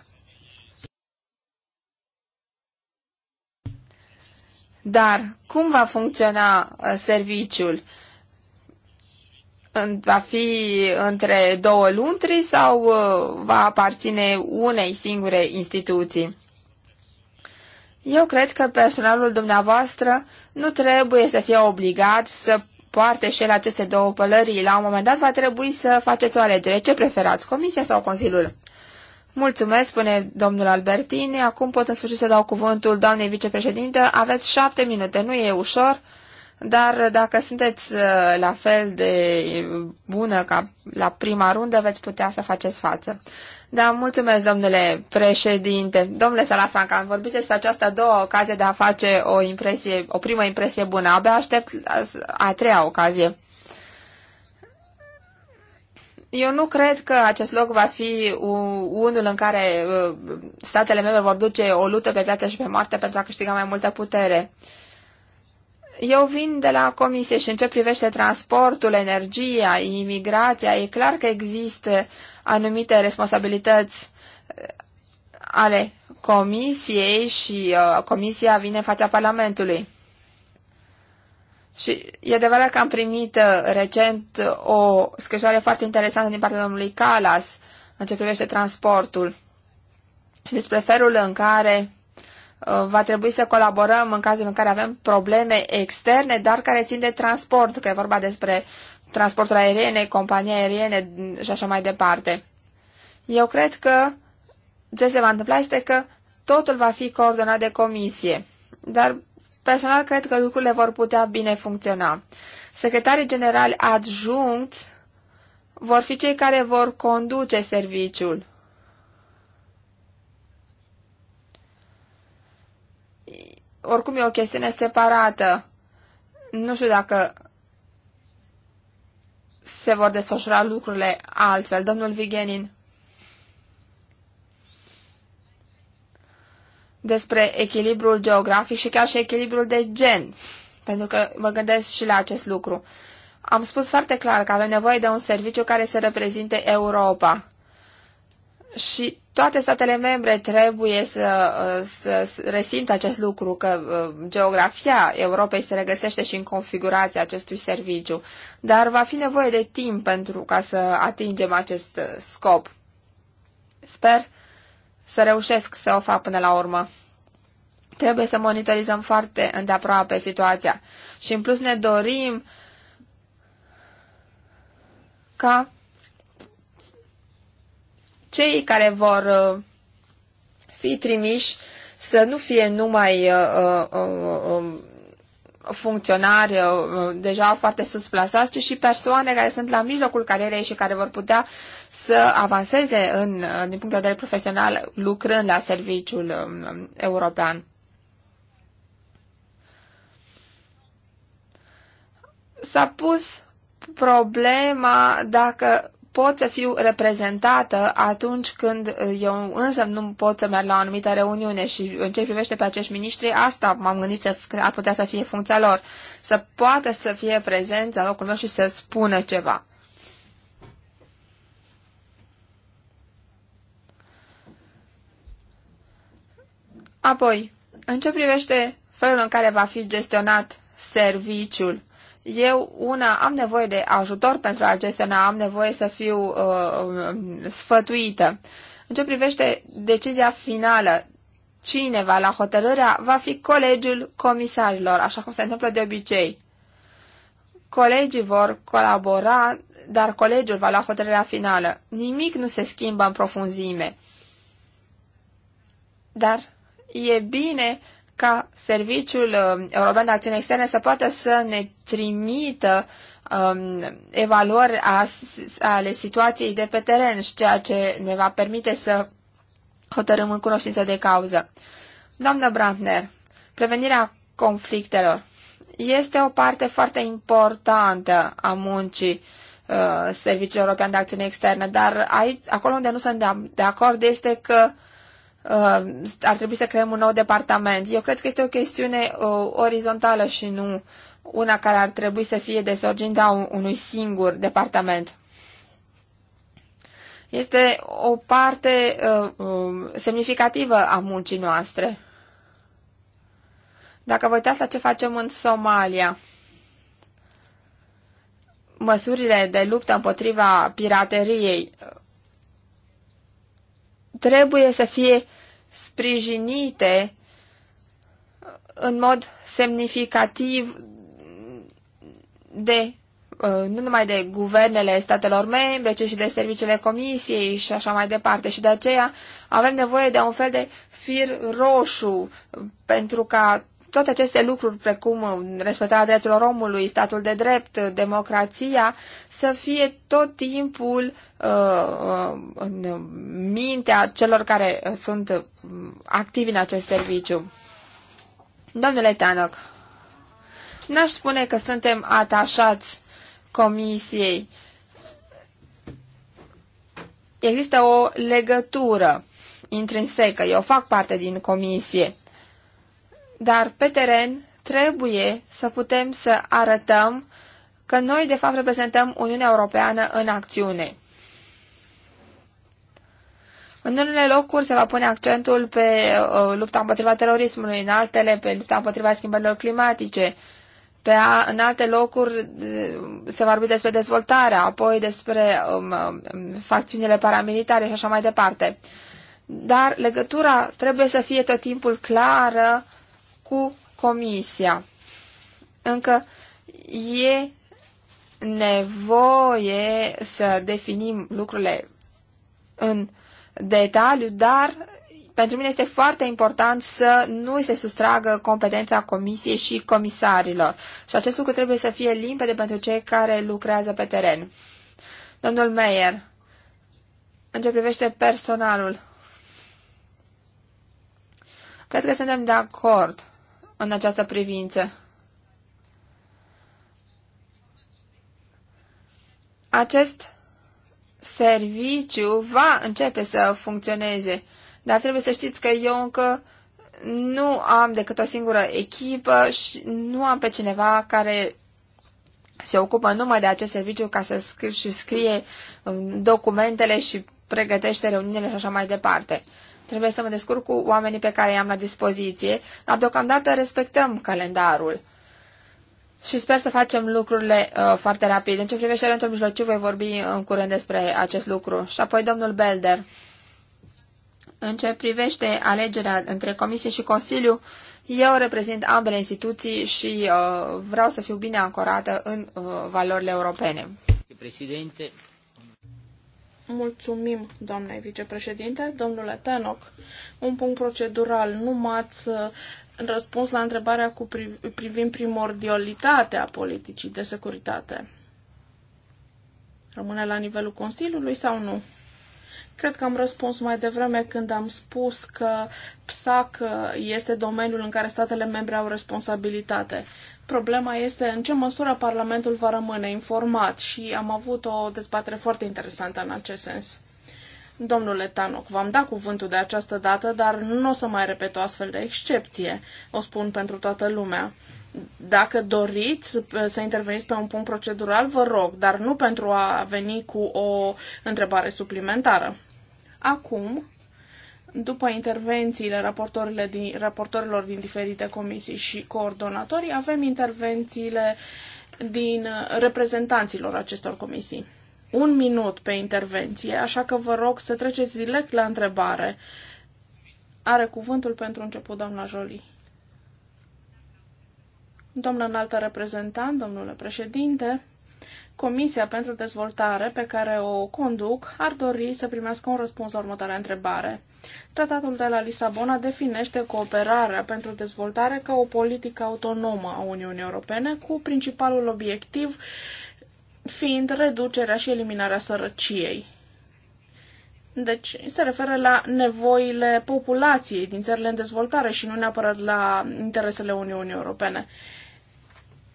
Dar cum va funcționa uh, serviciul? Va fi între două luntri sau uh, va aparține unei singure instituții? Eu cred că personalul dumneavoastră nu trebuie să fie obligat să poarte și el aceste două pălării. La un moment dat va trebui să faceți o alegere. Ce preferați, Comisia sau Consiliul? Mulțumesc, spune domnul Albertini. Acum pot în sfârșit să dau cuvântul doamnei vicepreședinte. Aveți șapte minute, nu e ușor, dar dacă sunteți uh, la fel de bună ca la prima rundă, veți putea să faceți față. Da, mulțumesc, domnule președinte. Domnule Salafranca, am vorbit despre această a doua ocazie de a face o, impresie, o primă impresie bună. Abia aștept a treia ocazie. Eu nu cred că acest loc va fi unul în care uh, statele membre vor duce o luptă pe viață și pe moarte pentru a câștiga mai multă putere. Eu vin de la comisie și în ce privește transportul, energia, imigrația, e clar că există anumite responsabilități uh, ale comisiei și uh, comisia vine în fața Parlamentului. Și e adevărat că am primit uh, recent o scrisoare foarte interesantă din partea domnului Calas în ce privește transportul și despre felul în care uh, va trebui să colaborăm în cazul în care avem probleme externe, dar care țin de transport, că e vorba despre transportul aeriene, companii aeriene și așa mai departe. Eu cred că ce se va întâmpla este că totul va fi coordonat de comisie, dar Personal, cred că lucrurile vor putea bine funcționa. Secretarii generali adjuncți vor fi cei care vor conduce serviciul. Oricum e o chestiune separată. Nu știu dacă se vor desfășura lucrurile altfel. Domnul Vigenin. despre echilibrul geografic și chiar și echilibrul de gen, pentru că mă gândesc și la acest lucru. Am spus foarte clar că avem nevoie de un serviciu care să reprezinte Europa. Și toate statele membre trebuie să, să resimtă acest lucru, că uh, geografia Europei se regăsește și în configurația acestui serviciu. Dar va fi nevoie de timp pentru ca să atingem acest uh, scop. Sper să reușesc să o fac până la urmă. Trebuie să monitorizăm foarte îndeaproape situația și în plus ne dorim ca cei care vor uh, fi trimiși să nu fie numai uh, uh, uh, uh funcționari uh, deja foarte sus plasați, ci și persoane care sunt la mijlocul carierei și care vor putea să avanseze în, uh, din punct de vedere profesional lucrând la serviciul um, european. S-a pus problema dacă pot să fiu reprezentată atunci când eu însă nu pot să merg la o anumită reuniune și în ce privește pe acești miniștri, asta m-am gândit să, că ar putea să fie funcția lor, să poată să fie prezenți la locul meu și să spună ceva. Apoi, în ce privește felul în care va fi gestionat serviciul, eu, una, am nevoie de ajutor pentru a gestiona, am nevoie să fiu uh, sfătuită. În ce privește decizia finală, cineva la hotărârea va fi colegiul comisarilor, așa cum se întâmplă de obicei. Colegii vor colabora, dar colegiul va lua hotărârea finală. Nimic nu se schimbă în profunzime. Dar e bine ca Serviciul um, European de Acțiune Externă să poată să ne trimită um, evaluări a, ale situației de pe teren și ceea ce ne va permite să hotărâm în cunoștință de cauză. Doamnă Brandner, prevenirea conflictelor este o parte foarte importantă a muncii uh, Serviciul European de Acțiune Externă, dar aici, acolo unde nu sunt de, de acord este că uh, Uh, ar trebui să creăm un nou departament. Eu cred că este o chestiune uh, orizontală și nu una care ar trebui să fie de sorginta unui singur departament. Este o parte uh, uh, semnificativă a muncii noastre. Dacă vă uitați la ce facem în Somalia, măsurile de luptă împotriva pirateriei trebuie să fie sprijinite în mod semnificativ de uh, nu numai de guvernele statelor membre, ci și de serviciile comisiei și așa mai departe. Și de aceea avem nevoie de un fel de fir roșu pentru ca toate aceste lucruri, precum uh, respectarea drepturilor omului, statul de drept, democrația, să fie tot timpul uh, uh în mintea celor care uh, sunt activi în acest serviciu. Domnule Tanoc, n-aș spune că suntem atașați comisiei. Există o legătură intrinsecă. Eu fac parte din comisie dar pe teren trebuie să putem să arătăm că noi de fapt reprezentăm Uniunea Europeană în acțiune. În unele locuri se va pune accentul pe uh, lupta împotriva terorismului, în altele pe lupta împotriva schimbărilor climatice, pe a, în alte locuri uh, se vorbi despre dezvoltare, apoi despre um, um, facțiunile paramilitare și așa mai departe. Dar legătura trebuie să fie tot timpul clară cu Comisia. Încă e nevoie să definim lucrurile în detaliu, dar pentru mine este foarte important să nu se sustragă competența comisiei și comisarilor. Și acest lucru trebuie să fie limpede pentru cei care lucrează pe teren. Domnul Meyer, în ce privește personalul, cred că suntem de acord în această privință. Acest serviciu va începe să funcționeze, dar trebuie să știți că eu încă nu am decât o singură echipă și nu am pe cineva care se ocupă numai de acest serviciu ca să scrie și scrie um, documentele și pregătește reuniunile și așa mai departe. Trebuie să mă descurc cu oamenii pe care i-am la dispoziție, dar deocamdată respectăm calendarul. Și sper să facem lucrurile uh, foarte rapid. În ce privește rentul mijlociu, voi vorbi în curând despre acest lucru. Și apoi domnul Belder. În ce privește alegerea între Comisie și Consiliu, eu reprezint ambele instituții și uh, vreau să fiu bine ancorată în uh, valorile europene. Președinte, Mulțumim, doamnei vicepreședinte. Domnule Tenoc, un punct procedural. Nu m-ați uh, răspuns la întrebarea cu pri- privind primordialitatea politicii de securitate. Rămâne la nivelul Consiliului sau nu? Cred că am răspuns mai devreme când am spus că PSAC uh, este domeniul în care statele membre au responsabilitate. Problema este în ce măsură Parlamentul va rămâne informat și am avut o dezbatere foarte interesantă în acest sens. Domnule Tanoc, v-am dat cuvântul de această dată, dar nu o să mai repet o astfel de excepție. O spun pentru toată lumea. Dacă doriți să interveniți pe un punct procedural, vă rog, dar nu pentru a veni cu o întrebare suplimentară. Acum după intervențiile raportorilor din, raportorilor din diferite comisii și coordonatori, avem intervențiile din reprezentanților acestor comisii. Un minut pe intervenție, așa că vă rog să treceți direct la întrebare. Are cuvântul pentru început doamna Jolie. Doamna înaltă reprezentant, domnule președinte, Comisia pentru Dezvoltare pe care o conduc ar dori să primească un răspuns la următoarea întrebare. Tratatul de la Lisabona definește cooperarea pentru dezvoltare ca o politică autonomă a Uniunii Europene cu principalul obiectiv fiind reducerea și eliminarea sărăciei. Deci se referă la nevoile populației din țările în dezvoltare și nu neapărat la interesele Uniunii Europene.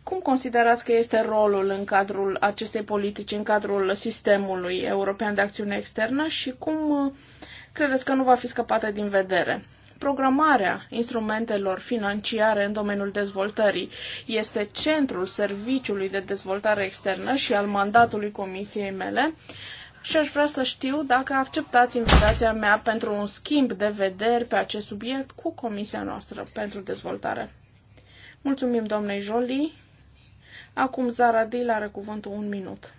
Cum considerați că este rolul în cadrul acestei politici, în cadrul sistemului european de acțiune externă și cum credeți că nu va fi scăpată din vedere. Programarea instrumentelor financiare în domeniul dezvoltării este centrul Serviciului de Dezvoltare Externă și al mandatului comisiei mele și aș vrea să știu dacă acceptați invitația mea pentru un schimb de vederi pe acest subiect cu Comisia noastră pentru dezvoltare. Mulțumim doamnei Jolie. Acum Zara Dil are cuvântul un minut.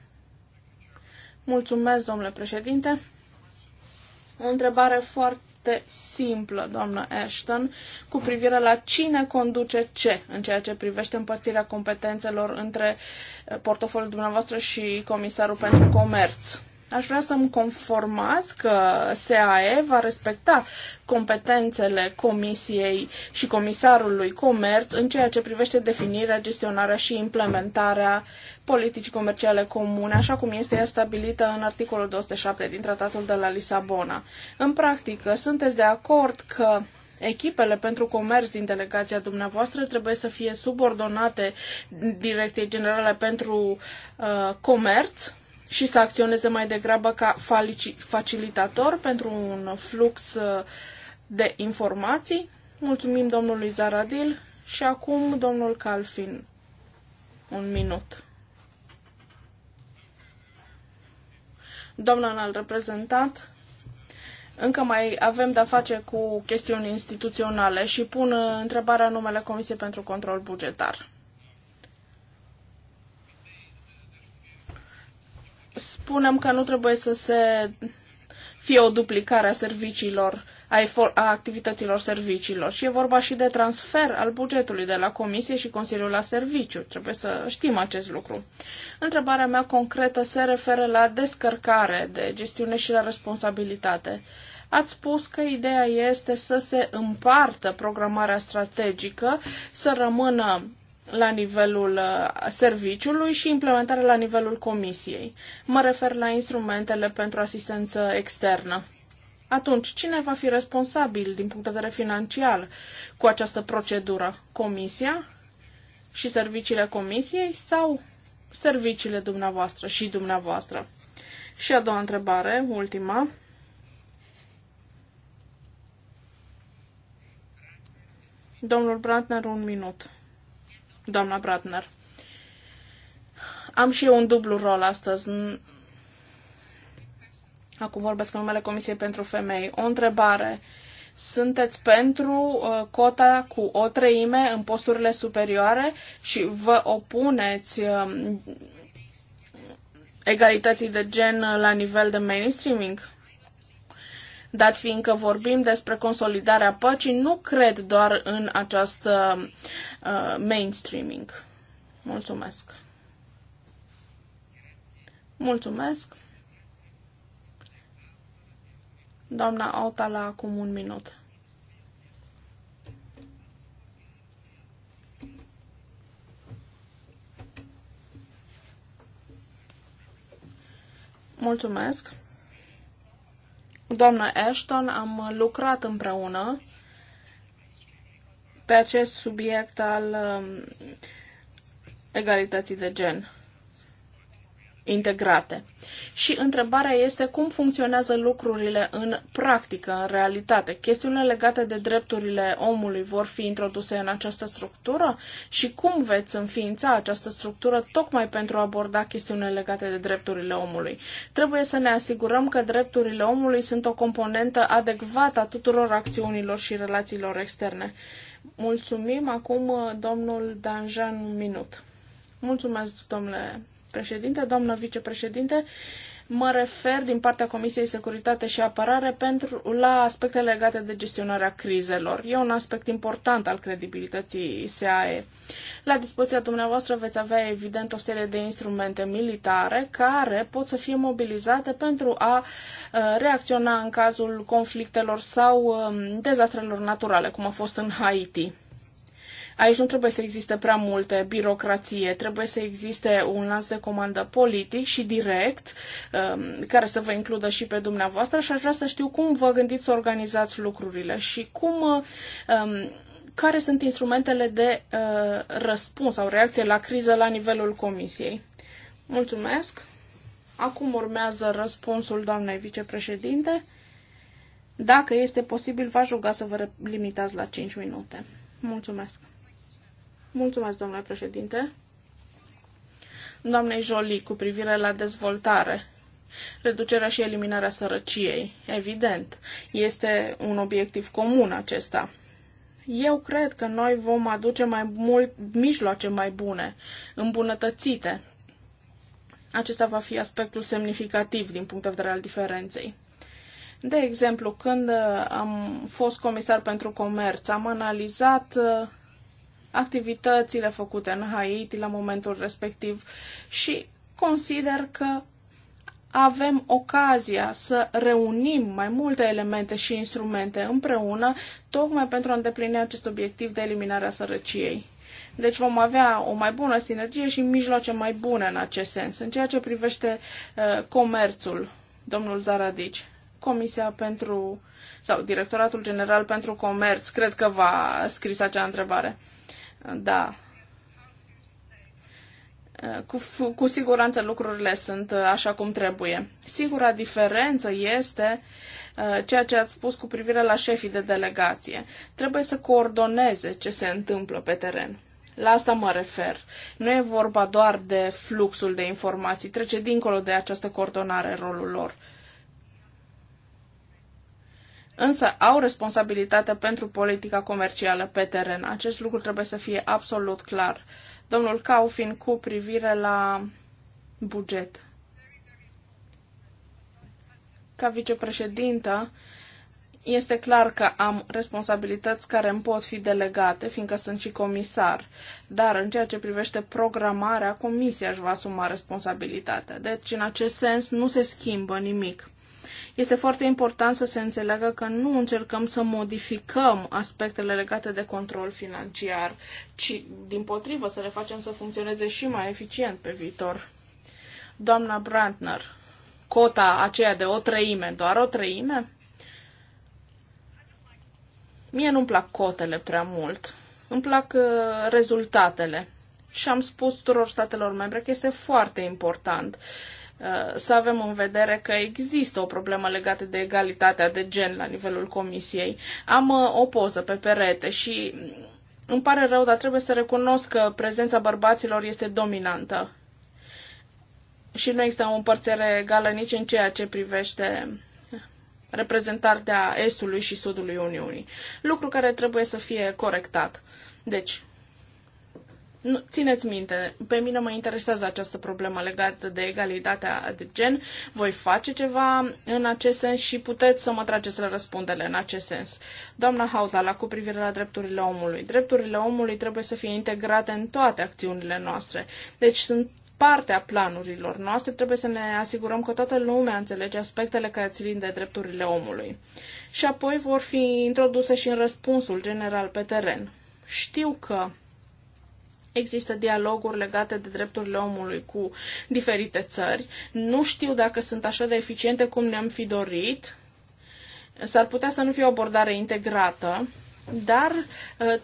Mulțumesc, domnule președinte. O întrebare foarte simplă, doamnă Ashton, cu privire la cine conduce ce în ceea ce privește împărțirea competențelor între eh, portofoliul dumneavoastră și Comisarul pentru Comerț. Aș vrea să-mi conformați că SAE va respecta competențele Comisiei și Comisarului Comerț în ceea ce privește definirea, gestionarea și implementarea politicii comerciale comune, așa cum este ea stabilită în articolul 207 din Tratatul de la Lisabona. În practică, sunteți de acord că Echipele pentru comerț din delegația dumneavoastră trebuie să fie subordonate Direcției Generale pentru uh, Comerț și să acționeze mai degrabă ca facilitator pentru un flux uh, de informații. Mulțumim domnului Zaradil și acum domnul Calfin. Un minut. Domnul înalt reprezentant, încă mai avem de-a face cu chestiuni instituționale și pun uh, întrebarea numele Comisiei pentru Control Bugetar. spunem că nu trebuie să se fie o duplicare a serviciilor, a, a activităților serviciilor. Și e vorba și de transfer al bugetului de la Comisie și Consiliul la Serviciu. Trebuie să știm acest lucru. Întrebarea mea concretă se referă la descărcare de gestiune și la responsabilitate. Ați spus că ideea este să se împartă programarea strategică, să rămână la nivelul uh, serviciului și implementarea la nivelul comisiei. Mă refer la instrumentele pentru asistență externă. Atunci, cine va fi responsabil din punct de vedere financiar cu această procedură? Comisia și serviciile comisiei sau serviciile dumneavoastră și dumneavoastră? Și a doua întrebare, ultima. Domnul Brantner, un minut doamna Bradner. Am și eu un dublu rol astăzi. Acum vorbesc în numele Comisiei pentru Femei. O întrebare. Sunteți pentru uh, cota cu o treime în posturile superioare și vă opuneți uh, egalității de gen la nivel de mainstreaming? Dat fiindcă vorbim despre consolidarea păcii, nu cred doar în această uh, Uh, mainstreaming. Mulțumesc! Mulțumesc! Doamna la acum un minut. Mulțumesc! Doamna Ashton, am lucrat împreună pe acest subiect al um, egalității de gen integrate. Și întrebarea este cum funcționează lucrurile în practică, în realitate. Chestiunile legate de drepturile omului vor fi introduse în această structură și cum veți înființa această structură tocmai pentru a aborda chestiunile legate de drepturile omului. Trebuie să ne asigurăm că drepturile omului sunt o componentă adecvată a tuturor acțiunilor și relațiilor externe. Mulțumim. Acum uh, domnul Danjan, un minut. Mulțumesc, domnule președinte, doamnă vicepreședinte. Mă refer din partea Comisiei Securitate și Apărare pentru la aspecte legate de gestionarea crizelor. E un aspect important al credibilității SAE. La dispoziția dumneavoastră veți avea evident o serie de instrumente militare care pot să fie mobilizate pentru a uh, reacționa în cazul conflictelor sau um, dezastrelor naturale, cum a fost în Haiti. Aici nu trebuie să existe prea multe birocrație, trebuie să existe un lans de comandă politic și direct, um, care să vă includă și pe dumneavoastră și aș vrea să știu cum vă gândiți să organizați lucrurile și cum um, care sunt instrumentele de uh, răspuns sau reacție la criză la nivelul comisiei. Mulțumesc. Acum urmează răspunsul doamnei vicepreședinte. Dacă este posibil, v-aș ruga să vă limitați la 5 minute. Mulțumesc. Mulțumesc, domnule președinte. Doamnei Jolie, cu privire la dezvoltare, reducerea și eliminarea sărăciei, evident, este un obiectiv comun acesta. Eu cred că noi vom aduce mai mult mijloace mai bune, îmbunătățite. Acesta va fi aspectul semnificativ din punct de vedere al diferenței. De exemplu, când uh, am fost comisar pentru comerț, am analizat uh, activitățile făcute în Haiti la momentul respectiv și consider că avem ocazia să reunim mai multe elemente și instrumente împreună, tocmai pentru a îndeplini acest obiectiv de eliminare a sărăciei. Deci vom avea o mai bună sinergie și mijloace mai bune în acest sens, în ceea ce privește uh, comerțul, domnul Zaradici. Comisia pentru sau Directoratul General pentru Comerț, cred că va scris acea întrebare. Da. Cu, cu siguranță lucrurile sunt așa cum trebuie. Singura diferență este uh, ceea ce ați spus cu privire la șefii de delegație. Trebuie să coordoneze ce se întâmplă pe teren. La asta mă refer. Nu e vorba doar de fluxul de informații, trece dincolo de această coordonare rolul lor însă au responsabilitatea pentru politica comercială pe teren. Acest lucru trebuie să fie absolut clar. Domnul Caufin cu privire la buget. Ca vicepreședintă, este clar că am responsabilități care îmi pot fi delegate, fiindcă sunt și comisar, dar în ceea ce privește programarea, comisia își va asuma responsabilitatea. Deci, în acest sens, nu se schimbă nimic. Este foarte important să se înțeleagă că nu încercăm să modificăm aspectele legate de control financiar, ci din potrivă să le facem să funcționeze și mai eficient pe viitor. Doamna Brandner, cota aceea de o treime, doar o treime? Mie nu-mi plac cotele prea mult. Îmi plac uh, rezultatele. Și am spus tuturor statelor membre că este foarte important Eh, să avem în vedere că există o problemă legată de egalitatea de gen la nivelul comisiei. Am eh, o poză pe perete și îmi pare rău, dar trebuie să recunosc că prezența bărbaților este dominantă. Și nu există o împărțire egală nici în ceea ce privește reprezentarea Estului și Sudului Uniunii. Lucru care trebuie să fie corectat. Deci, nu, țineți minte, pe mine mă interesează această problemă legată de egalitatea de gen. Voi face ceva în acest sens și puteți să mă trageți la răspundele în acest sens. Doamna Hautala, cu privire la drepturile omului. Drepturile omului trebuie să fie integrate în toate acțiunile noastre. Deci sunt partea planurilor noastre, trebuie să ne asigurăm că toată lumea înțelege aspectele care țin de drepturile omului. Și apoi vor fi introduse și în răspunsul general pe teren. Știu că Există dialoguri legate de drepturile omului cu diferite țări. Nu știu dacă sunt așa de eficiente cum ne-am fi dorit. S-ar putea să nu fie o abordare integrată, dar ă,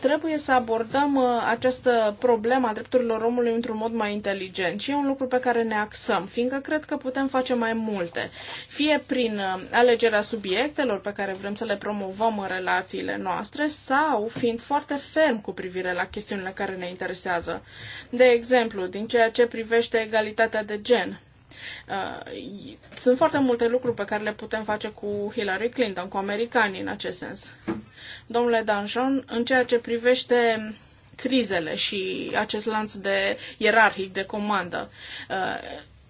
Trebuie să abordăm uh, această problemă a drepturilor omului într-un mod mai inteligent și e un lucru pe care ne axăm, fiindcă cred că putem face mai multe, fie prin uh, alegerea subiectelor pe care vrem să le promovăm în relațiile noastre sau fiind foarte ferm cu privire la chestiunile care ne interesează. De exemplu, din ceea ce privește egalitatea de gen, Uh, sunt foarte multe lucruri pe care le putem face cu Hillary Clinton, cu americanii în acest sens. Domnule Danjon, în ceea ce privește crizele și acest lanț de ierarhic de comandă. Uh,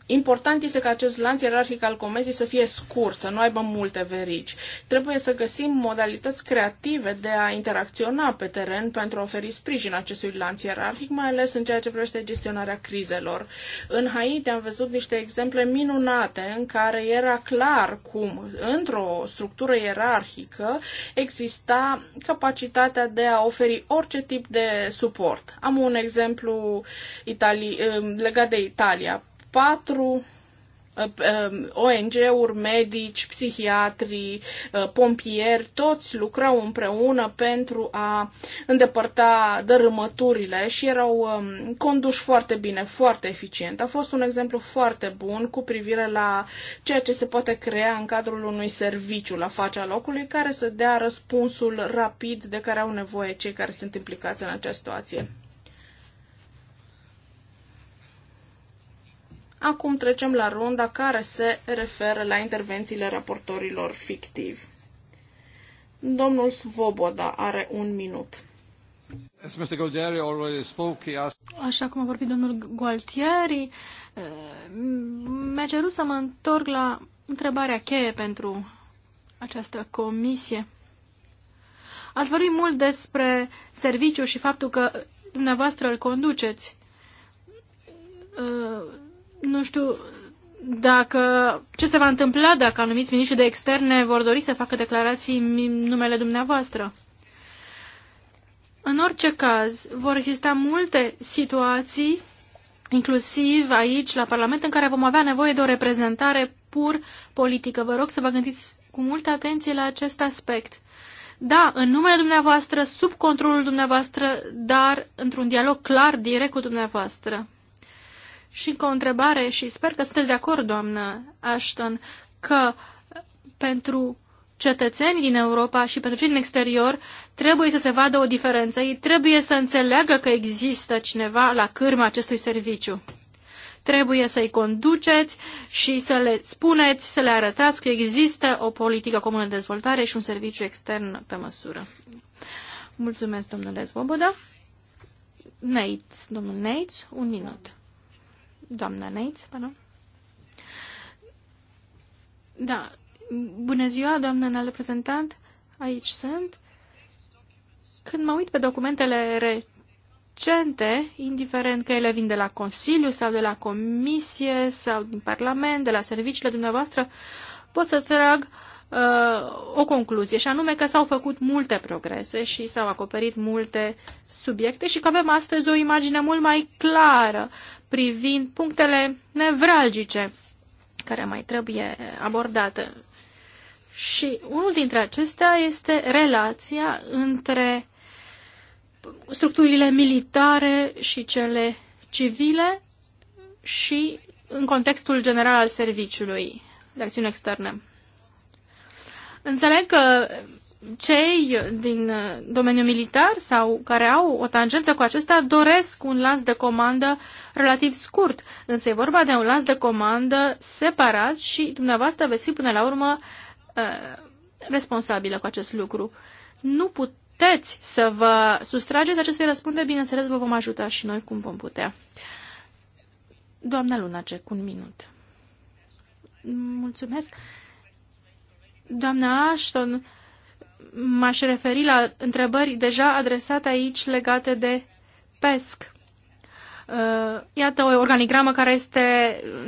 Important este ca acest lanț ierarhic al comenzii să fie scurt, să nu aibă multe verici. Trebuie să găsim modalități creative de a interacționa pe teren pentru a oferi sprijin acestui lanț ierarhic, mai ales în ceea ce privește gestionarea crizelor. În Haiti am văzut niște exemple minunate în care era clar cum, într-o structură ierarhică, exista capacitatea de a oferi orice tip de suport. Am un exemplu Itali- eh, legat de Italia patru uh, um, ONG-uri, medici, psihiatri, uh, pompieri, toți lucrau împreună pentru a îndepărta dărâmăturile și erau um, conduși foarte bine, foarte eficient. A fost un exemplu foarte bun cu privire la ceea ce se poate crea în cadrul unui serviciu la facea locului care să dea răspunsul rapid de care au nevoie cei care sunt implicați în această situație. Acum trecem la runda care se referă la intervențiile raportorilor fictivi. Domnul Svoboda are un minut. Așa cum a vorbit domnul Gualtieri, mi-a cerut să mă întorc la întrebarea cheie pentru această comisie. Ați vorbit mult despre serviciu și faptul că dumneavoastră îl conduceți nu știu dacă ce se va întâmpla dacă anumiți miniștri de externe vor dori să facă declarații în numele dumneavoastră. În orice caz, vor exista multe situații, inclusiv aici, la Parlament, în care vom avea nevoie de o reprezentare pur politică. Vă rog să vă gândiți cu multă atenție la acest aspect. Da, în numele dumneavoastră, sub controlul dumneavoastră, dar într-un dialog clar, direct cu dumneavoastră. Și încă o întrebare și sper că sunteți de acord, doamnă Ashton, că pentru cetățeni din Europa și pentru cei din exterior trebuie să se vadă o diferență. Ei trebuie să înțeleagă că există cineva la cârma acestui serviciu. Trebuie să-i conduceți și să le spuneți, să le arătați că există o politică comună de dezvoltare și un serviciu extern pe măsură. Mulțumesc, domnule Zvoboda. Neitz, domnul Neitz, un minut. Doamna Neitz, pardon. Da. Bună ziua, doamnă înalt reprezentant. Aici sunt. Când mă uit pe documentele recente, indiferent că ele vin de la Consiliu sau de la Comisie sau din Parlament, de la serviciile dumneavoastră, pot să trag Uh, o concluzie, și anume că s-au făcut multe progrese și s-au acoperit multe subiecte și că avem astăzi o imagine mult mai clară privind punctele nevralgice care mai trebuie abordate. Și unul dintre acestea este relația între structurile militare și cele civile și în contextul general al serviciului de acțiune externă. Înțeleg că cei din uh, domeniul militar sau care au o tangență cu acesta doresc un lanț de comandă relativ scurt, însă e vorba de un lanț de comandă separat și dumneavoastră veți fi până la urmă uh, responsabilă cu acest lucru. Nu puteți să vă sustrageți aceste răspunde, bineînțeles vă vom ajuta și noi cum vom putea. Doamna Lunacek, un minut. Mulțumesc. Doamna Ashton, m-aș referi la întrebări deja adresate aici legate de PESC. Uh, iată o organigramă care este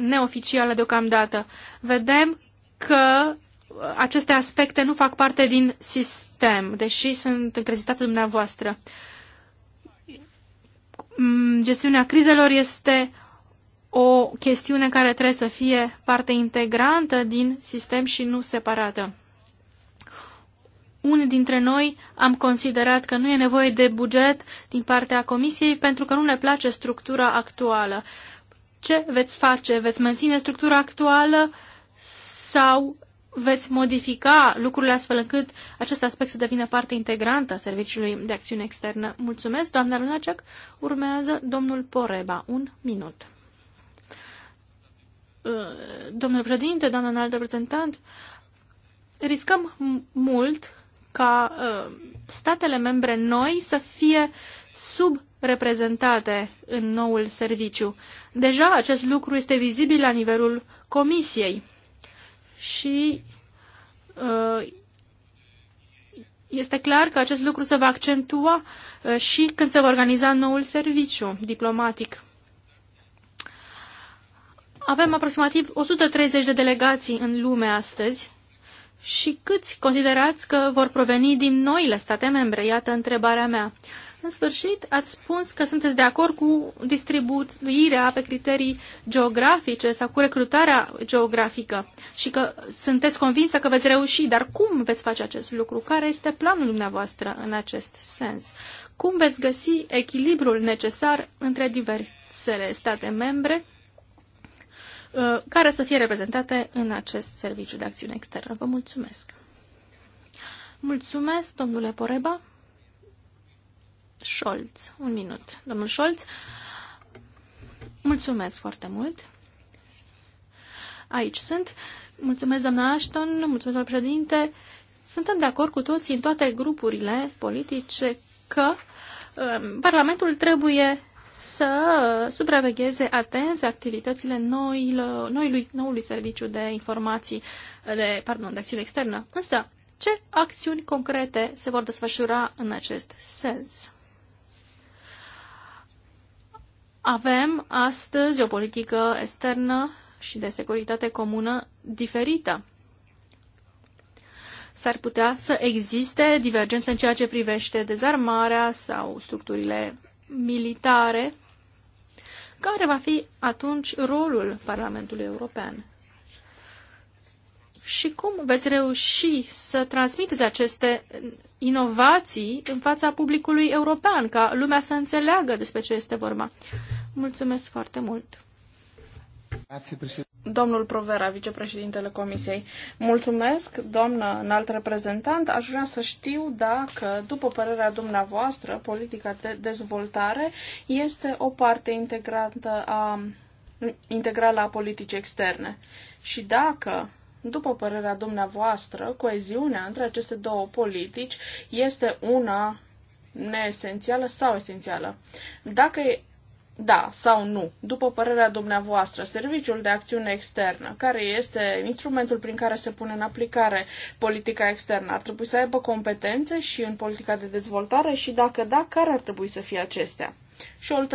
neoficială deocamdată. Vedem că uh, aceste aspecte nu fac parte din sistem, deși sunt încrezitate dumneavoastră. Mm, gestiunea crizelor este o chestiune care trebuie să fie parte integrantă din sistem și nu separată. Unii dintre noi am considerat că nu e nevoie de buget din partea Comisiei pentru că nu ne place structura actuală. Ce veți face? Veți menține structura actuală sau veți modifica lucrurile astfel încât acest aspect să devină parte integrantă a Serviciului de Acțiune Externă? Mulțumesc, doamna Lunacek. Urmează domnul Poreba. Un minut. Uh, domnule președinte, doamnă înalt reprezentant, riscăm mult ca uh, statele membre noi să fie subreprezentate în noul serviciu. Deja acest lucru este vizibil la nivelul comisiei și uh, este clar că acest lucru se va accentua și când se va organiza noul serviciu diplomatic. Avem aproximativ 130 de delegații în lume astăzi și câți considerați că vor proveni din noile state membre? Iată întrebarea mea. În sfârșit, ați spus că sunteți de acord cu distribuirea pe criterii geografice sau cu recrutarea geografică și că sunteți convinsă că veți reuși, dar cum veți face acest lucru? Care este planul dumneavoastră în acest sens? Cum veți găsi echilibrul necesar între diversele state membre? Uh, care să fie reprezentate în acest serviciu de acțiune externă. Vă mulțumesc! Mulțumesc, domnule Poreba. Scholz, un minut. Domnul Scholz, mulțumesc foarte mult. Aici sunt. Mulțumesc, doamna Ashton, mulțumesc, doamna președinte. Suntem de acord cu toții în toate grupurile politice că um, Parlamentul trebuie să supravegheze atenți activitățile noilor, noului, noului serviciu de informații, de, pardon, de acțiune externă. Însă, ce acțiuni concrete se vor desfășura în acest sens? Avem astăzi o politică externă și de securitate comună diferită. S-ar putea să existe divergențe în ceea ce privește dezarmarea sau structurile militare care va fi atunci rolul Parlamentului European? Și cum veți reuși să transmiteți aceste inovații în fața publicului european, ca lumea să înțeleagă despre ce este vorba? Mulțumesc foarte mult! Domnul Provera, vicepreședintele Comisiei. Mulțumesc, doamnă înalt reprezentant. Aș vrea să știu dacă, după părerea dumneavoastră, politica de dezvoltare este o parte integrantă a, integrală a politicii externe. Și dacă după părerea dumneavoastră, coeziunea între aceste două politici este una neesențială sau esențială. Dacă da sau nu, după părerea dumneavoastră, serviciul de acțiune externă, care este instrumentul prin care se pune în aplicare politica externă, ar trebui să aibă competențe și în politica de dezvoltare și dacă da, care ar trebui să fie acestea? Și o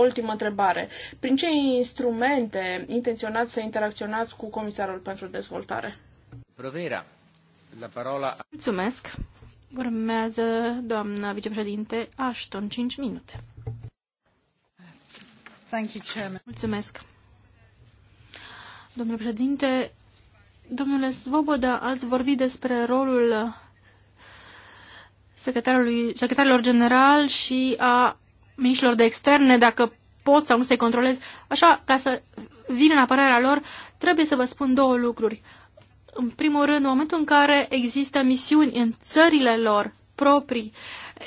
ultimă întrebare. Prin ce instrumente intenționați să interacționați cu Comisarul pentru Dezvoltare? Provera, la parola... Mulțumesc. Urmează doamna vicepreședinte Ashton, 5 minute. Mulțumesc. Domnule președinte, domnule Svoboda, ați vorbit despre rolul secretarilor general și a miniștilor de externe, dacă pot sau nu se controlez. Așa, ca să vin în apărarea lor, trebuie să vă spun două lucruri. În primul rând, în momentul în care există misiuni în țările lor proprii,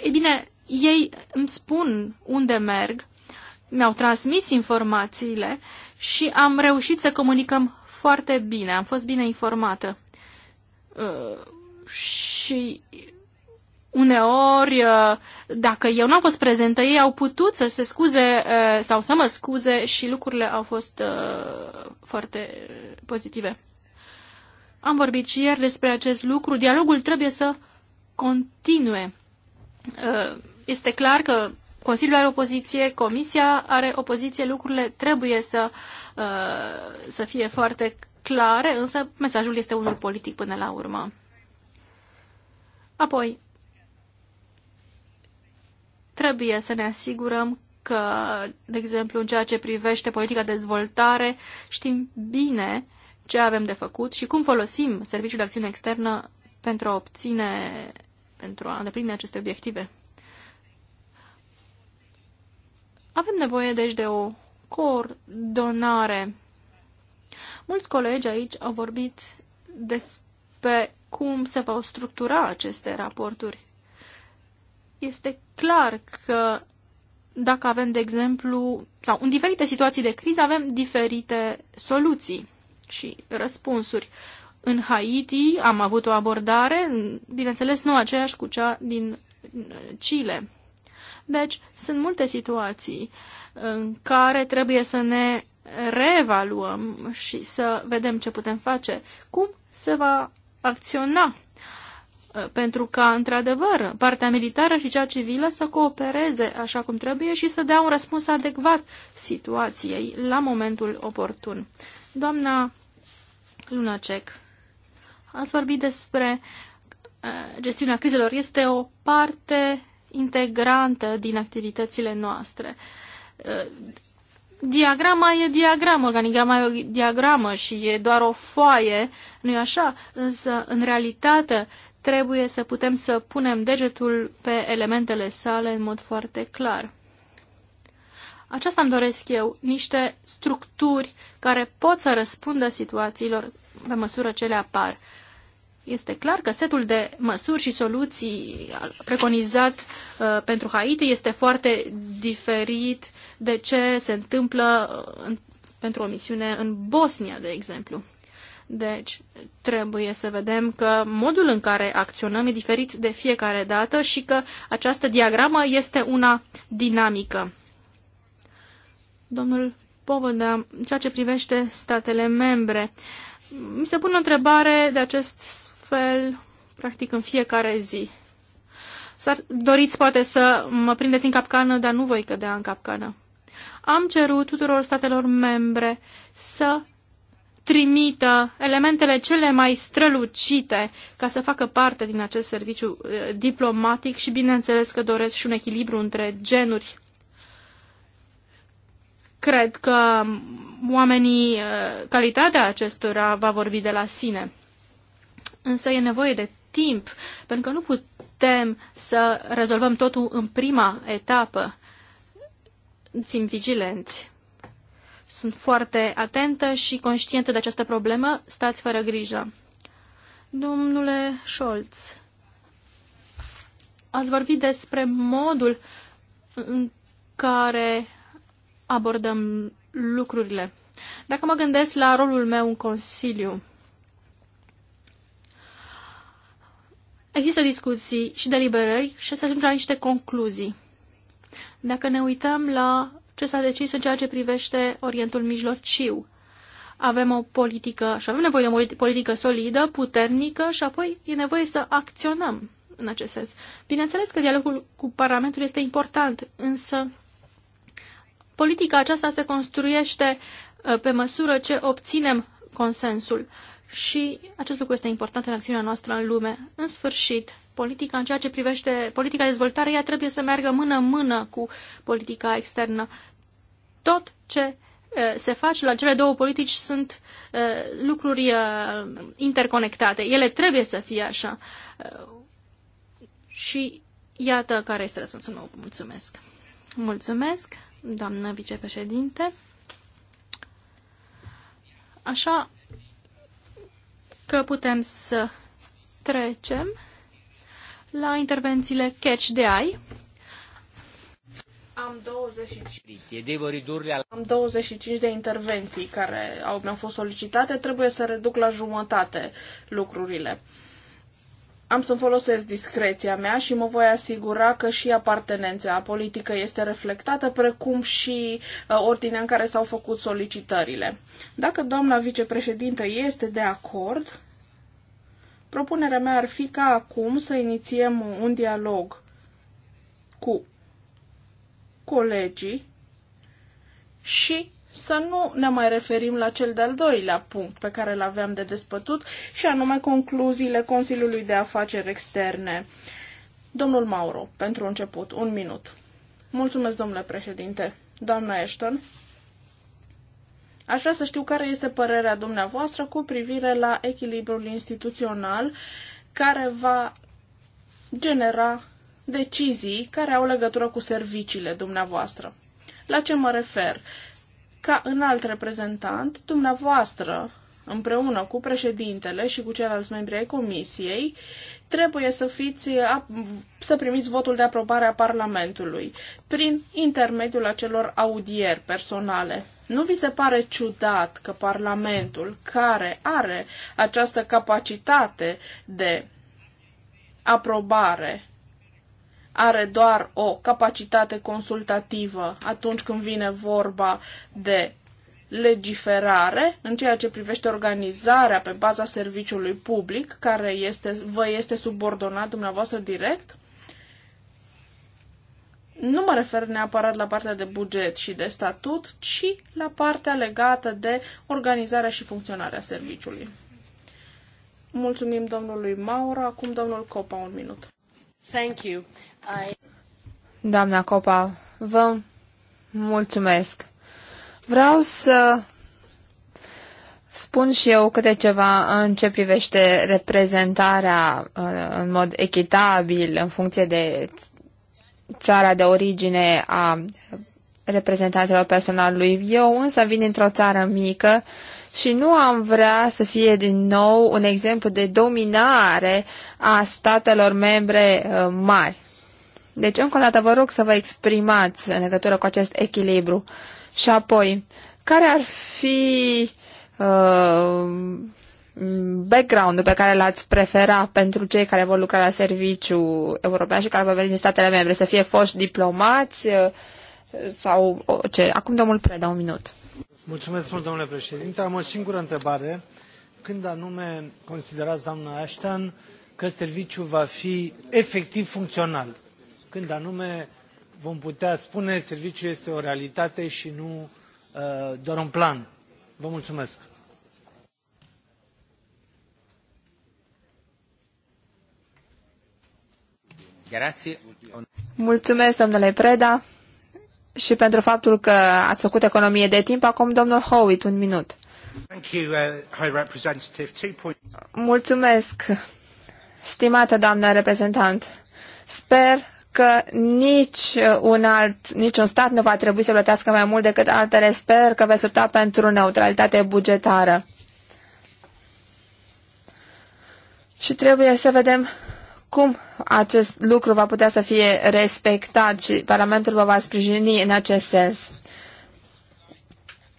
e bine, ei îmi spun unde merg mi-au transmis informațiile și am reușit să comunicăm foarte bine, am fost bine informată. Uh, și uneori, uh, dacă eu n-am fost prezentă, ei au putut să se scuze uh, sau să mă scuze și lucrurile au fost foarte pozitive. Am vorbit și ieri despre acest lucru. Dialogul trebuie să continue. Este clar că Consiliul are opoziție, Comisia are opoziție, lucrurile trebuie să, uh, să fie foarte clare, însă mesajul este unul politic până la urmă. Apoi, trebuie să ne asigurăm că, de exemplu, în ceea ce privește politica dezvoltare, știm bine ce avem de făcut și cum folosim Serviciul de Acțiune Externă pentru a obține, pentru a îndeplini aceste obiective. Avem nevoie, deci, de o coordonare. Mulți colegi aici au vorbit despre cum se vor structura aceste raporturi. Este clar că dacă avem, de exemplu, sau în diferite situații de criză, avem diferite soluții și răspunsuri. În Haiti am avut o abordare, bineînțeles, nu aceeași cu cea din Chile. Deci, sunt multe situații în care trebuie să ne reevaluăm și să vedem ce putem face, cum se va acționa pentru ca, într-adevăr, partea militară și cea civilă să coopereze așa cum trebuie și să dea un răspuns adecvat situației la momentul oportun. Doamna Lunacek, ați vorbit despre uh, gestiunea crizelor. Este o parte integrantă din activitățile noastre. Diagrama e diagramă, organigrama e diagramă și e doar o foaie, nu-i așa? Însă, în realitate, trebuie să putem să punem degetul pe elementele sale în mod foarte clar. Aceasta îmi doresc eu, niște structuri care pot să răspundă situațiilor pe măsură ce le apar este clar că setul de măsuri și soluții preconizat uh, pentru Haiti este foarte diferit de ce se întâmplă uh, în, pentru o misiune în Bosnia, de exemplu. Deci, trebuie să vedem că modul în care acționăm e diferit de fiecare dată și că această diagramă este una dinamică. Domnul Povăda, în ceea ce privește statele membre, mi se pune o întrebare de acest fel, practic în fiecare zi. S-ar, doriți poate să mă prindeți în capcană, dar nu voi cădea în capcană. Am cerut tuturor statelor membre să trimită elementele cele mai strălucite ca să facă parte din acest serviciu uh, diplomatic și bineînțeles că doresc și un echilibru între genuri. Cred că oamenii, uh, calitatea acestora va vorbi de la sine însă e nevoie de timp, pentru că nu putem să rezolvăm totul în prima etapă. Țin vigilenți. Sunt foarte atentă și conștientă de această problemă. Stați fără grijă. Domnule Scholz, ați vorbit despre modul în care abordăm lucrurile. Dacă mă gândesc la rolul meu în Consiliu, Există discuții și deliberări și se ajunge la niște concluzii. Dacă ne uităm la ce s-a decis în ceea ce privește Orientul Mijlociu, avem o politică și avem nevoie de o politică solidă, puternică și apoi e nevoie să acționăm în acest sens. Bineînțeles că dialogul cu Parlamentul este important, însă politica aceasta se construiește uh, pe măsură ce obținem consensul și acest lucru este important în acțiunea noastră în lume. În sfârșit, politica în ceea ce privește politica dezvoltare, ea trebuie să meargă mână-mână cu politica externă. Tot ce se face la cele două politici sunt lucruri interconectate. Ele trebuie să fie așa. Și iată care este răspunsul meu. Mulțumesc. Mulțumesc, doamnă vicepreședinte. Așa că putem să trecem la intervențiile catch de ai. Am 25. Am 25 de intervenții care au, mi-au fost solicitate. Trebuie să reduc la jumătate lucrurile am să-mi folosesc discreția mea și mă voi asigura că și apartenența politică este reflectată, precum și uh, ordinea în care s-au făcut solicitările. Dacă doamna vicepreședintă este de acord, propunerea mea ar fi ca acum să inițiem un dialog cu colegii și să nu ne mai referim la cel de-al doilea punct pe care îl aveam de despătut și anume concluziile Consiliului de Afaceri Externe. Domnul Mauro, pentru început, un minut. Mulțumesc, domnule președinte. Doamna Ashton, aș vrea să știu care este părerea dumneavoastră cu privire la echilibrul instituțional care va genera decizii care au legătură cu serviciile dumneavoastră. La ce mă refer? Ca înalt reprezentant, dumneavoastră, împreună cu președintele și cu ceilalți membri ai comisiei, trebuie să, fiți, să primiți votul de aprobare a Parlamentului prin intermediul acelor audieri personale. Nu vi se pare ciudat că Parlamentul, care are această capacitate de aprobare are doar o capacitate consultativă atunci când vine vorba de legiferare în ceea ce privește organizarea pe baza serviciului public care este, vă este subordonat dumneavoastră direct? Nu mă refer neapărat la partea de buget și de statut, ci la partea legată de organizarea și funcționarea serviciului. Mulțumim domnului Mauro. Acum domnul Copa, un minut. Thank you. I... Doamna Copa, vă mulțumesc. Vreau să spun și eu câte ceva în ce privește reprezentarea uh, în mod echitabil în funcție de țara de origine a reprezentanților personalului. Eu însă vin dintr-o țară mică și nu am vrea să fie din nou un exemplu de dominare a statelor membre uh, mari. Deci, încă o dată, vă rog să vă exprimați în legătură cu acest echilibru. Și apoi, care ar fi uh, background-ul pe care l-ați prefera pentru cei care vor lucra la serviciu european și care vor veni din statele membre? Să fie foști diplomați uh, sau uh, ce? Acum domnul Preda, un minut. Mulțumesc mult, domnule președinte. Am o singură întrebare. Când anume considerați, doamnă Ashton, că serviciul va fi efectiv funcțional? Când anume vom putea spune serviciul este o realitate și nu uh, doar un plan? Vă mulțumesc. Mulțumesc, domnule Preda și pentru faptul că ați făcut economie de timp. Acum, domnul Howitt, un minut. Uh, Mulțumesc, stimată doamnă reprezentant. Sper că nici un alt, niciun stat nu va trebui să plătească mai mult decât altele. Sper că veți lupta pentru neutralitate bugetară. Și trebuie să vedem cum acest lucru va putea să fie respectat și Parlamentul vă va sprijini în acest sens.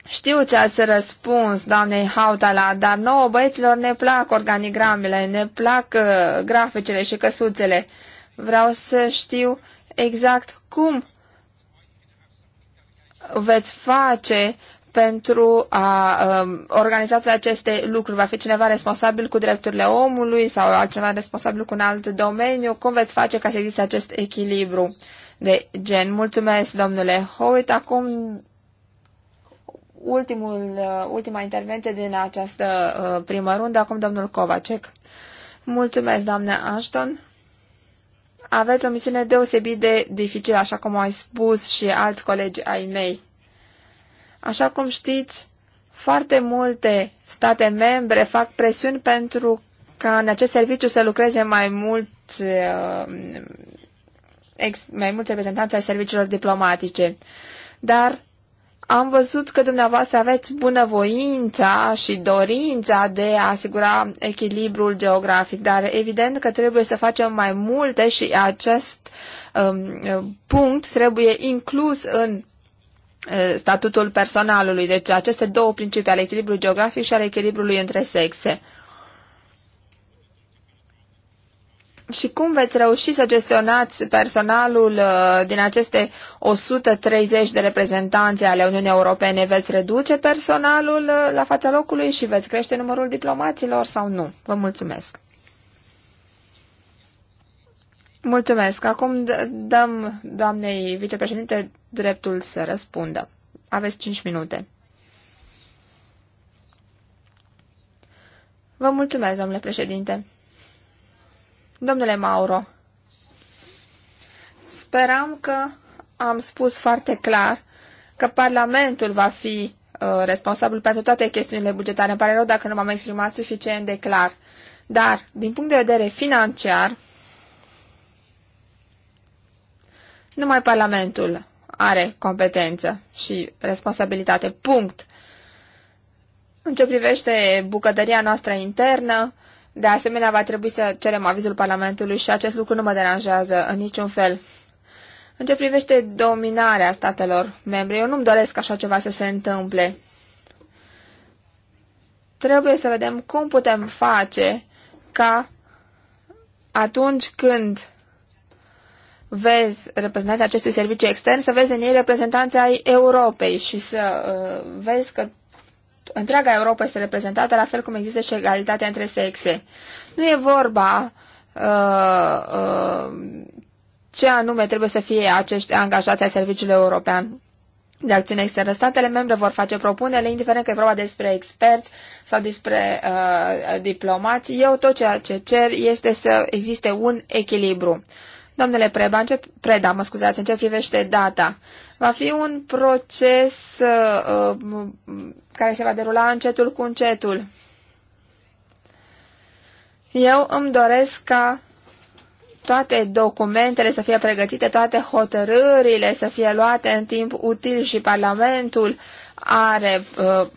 Știu ce ați răspuns, doamnei Hautala, dar nouă băieților ne plac organigramele, ne plac uh, graficele și căsuțele. Vreau să știu exact cum veți face pentru a um, organiza toate aceste lucruri? Va fi cineva responsabil cu drepturile omului sau altcineva responsabil cu un alt domeniu? Cum veți face ca să existe acest echilibru de gen? Mulțumesc, domnule Howitt. Acum, ultimul, uh, ultima intervenție din această uh, primă rundă, acum domnul Kovacek. Mulțumesc, doamne Ashton. Aveți o misiune deosebit de dificilă, așa cum au spus și alți colegi ai mei. Așa cum știți, foarte multe state membre fac presiuni pentru ca în acest serviciu să lucreze mai mult eh, mai mulți reprezentanți ai serviciilor diplomatice. Dar am văzut că dumneavoastră aveți bunăvoința și dorința de a asigura echilibrul geografic, dar evident că trebuie să facem mai multe și acest um, punct trebuie inclus în statutul personalului. Deci aceste două principii, al echilibrului geografic și al echilibrului între sexe. Și cum veți reuși să gestionați personalul din aceste 130 de reprezentanțe ale Uniunii Europene? Veți reduce personalul la fața locului și veți crește numărul diplomaților sau nu? Vă mulțumesc! Mulțumesc! Acum dăm doamnei vicepreședinte dreptul să răspundă. Aveți cinci minute. Vă mulțumesc, domnule președinte. Domnule Mauro, speram că am spus foarte clar că Parlamentul va fi uh, responsabil pentru toate chestiunile bugetare. Îmi pare rău dacă nu m-am exprimat suficient de clar. Dar, din punct de vedere financiar, numai Parlamentul are competență și responsabilitate. Punct. În ce privește bucătăria noastră internă, de asemenea, va trebui să cerem avizul Parlamentului și acest lucru nu mă deranjează în niciun fel. În ce privește dominarea statelor membre, eu nu-mi doresc așa ceva să se întâmple. Trebuie să vedem cum putem face ca atunci când vezi reprezentanții acestui serviciu extern, să vezi în ei reprezentanții ai Europei și să uh, vezi că întreaga Europa este reprezentată, la fel cum există și egalitatea între sexe. Nu e vorba uh, uh, ce anume trebuie să fie acești angajați ai Serviciului European de Acțiune Externă. Statele membre vor face propunele, indiferent că e vorba despre experți sau despre uh, diplomați. Eu tot ceea ce cer este să existe un echilibru. Uh, Domnule Preba, în ce, Preda, mă scuzați, în ce privește data, va fi un proces uh, uh, care se va derula încetul cu încetul. Eu îmi doresc ca toate documentele să fie pregătite, toate hotărârile să fie luate în timp util și Parlamentul are uh,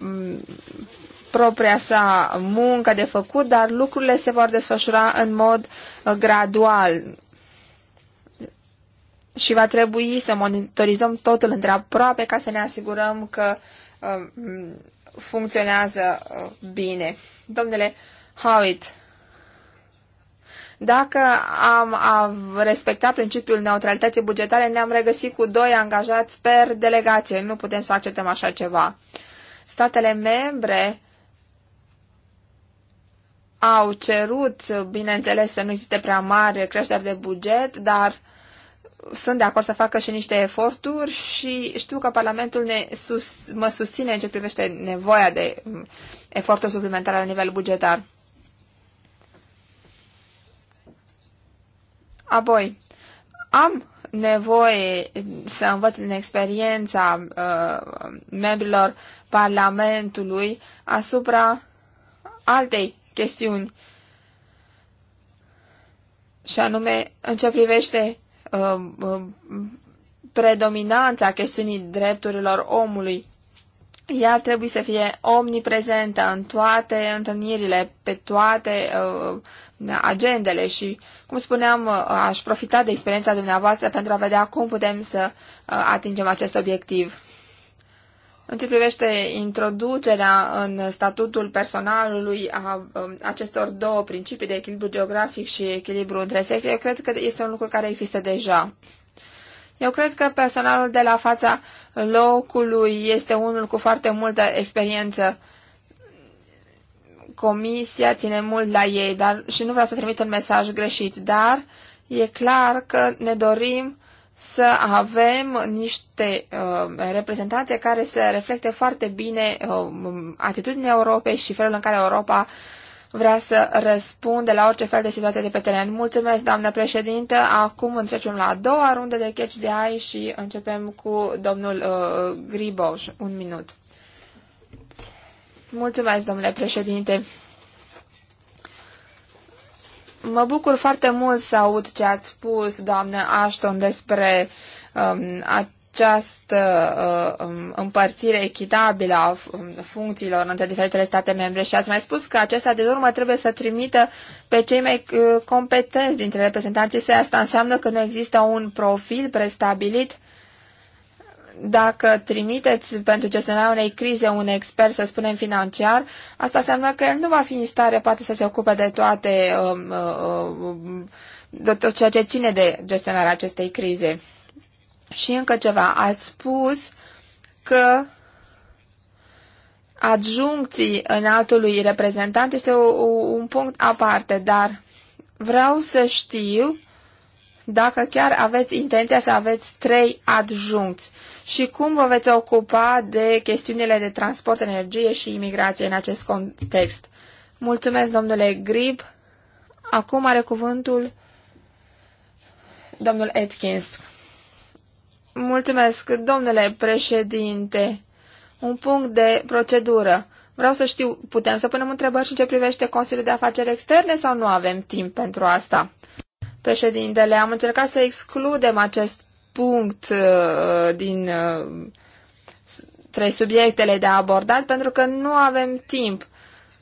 propria sa muncă de făcut, dar lucrurile se vor desfășura în mod uh, gradual și va trebui să monitorizăm totul întreaproape ca să ne asigurăm că um, funcționează uh, bine. Domnule Howitt, dacă am, respectat principiul neutralității bugetare, ne-am regăsit cu doi angajați per delegație. Nu putem să acceptăm așa ceva. Statele membre au cerut, bineînțeles, să nu existe prea mare creștere de buget, dar uh, sunt de acord să facă și niște eforturi și știu că Parlamentul ne sus, mă susține în ce privește nevoia de mm, eforturi suplimentare la nivel bugetar. Apoi, am nevoie să învăț din experiența uh, membrilor Parlamentului asupra altei chestiuni, și anume în ce privește Um, um, predominanța chestiunii drepturilor omului. Ea trebuie să fie omniprezentă în toate întâlnirile, pe toate uh, agendele și, cum spuneam, uh, aș profita de experiența dumneavoastră pentru a vedea cum putem să uh, atingem acest obiectiv. În ce privește introducerea în statutul personalului a acestor două principii de echilibru geografic și echilibru între sexe, eu cred că este un lucru care există deja. Eu cred că personalul de la fața locului este unul cu foarte multă experiență. Comisia ține mult la ei dar, și nu vreau să trimit un mesaj greșit, dar e clar că ne dorim să avem niște uh, reprezentanțe care să reflecte foarte bine uh, atitudinea Europei și felul în care Europa vrea să răspunde la orice fel de situație de pe teren. Mulțumesc, doamnă președintă. Acum începem la a doua rundă de catch de ai și începem cu domnul uh, Griboș. Un minut. Mulțumesc, domnule președinte. Mă bucur foarte mult să aud ce ați spus, doamnă Ashton, despre um, această uh, um, împărțire echitabilă a um, funcțiilor între diferitele state membre și ați mai spus că acesta de urmă trebuie să trimită pe cei mai uh, competenți dintre reprezentanții săi. Asta înseamnă că nu există un profil prestabilit dacă trimiteți pentru gestionarea unei crize un expert, să spunem financiar, asta înseamnă că el nu va fi în stare poate să se ocupe de toate um, uh, um, de tot ceea ce ține de gestionarea acestei crize. Și încă ceva, ați spus că adjuncții înaltului reprezentant este o, un punct aparte, dar vreau să știu dacă chiar aveți intenția să aveți trei adjuncți și cum vă veți ocupa de chestiunile de transport, energie și imigrație în acest context. Mulțumesc, domnule Grib. Acum are cuvântul domnul Atkins. Mulțumesc, domnule președinte. Un punct de procedură. Vreau să știu, putem să punem întrebări și ce privește Consiliul de Afaceri Externe sau nu avem timp pentru asta? Președintele, am încercat să excludem acest punct uh, din uh, trei subiectele de abordat pentru că nu avem timp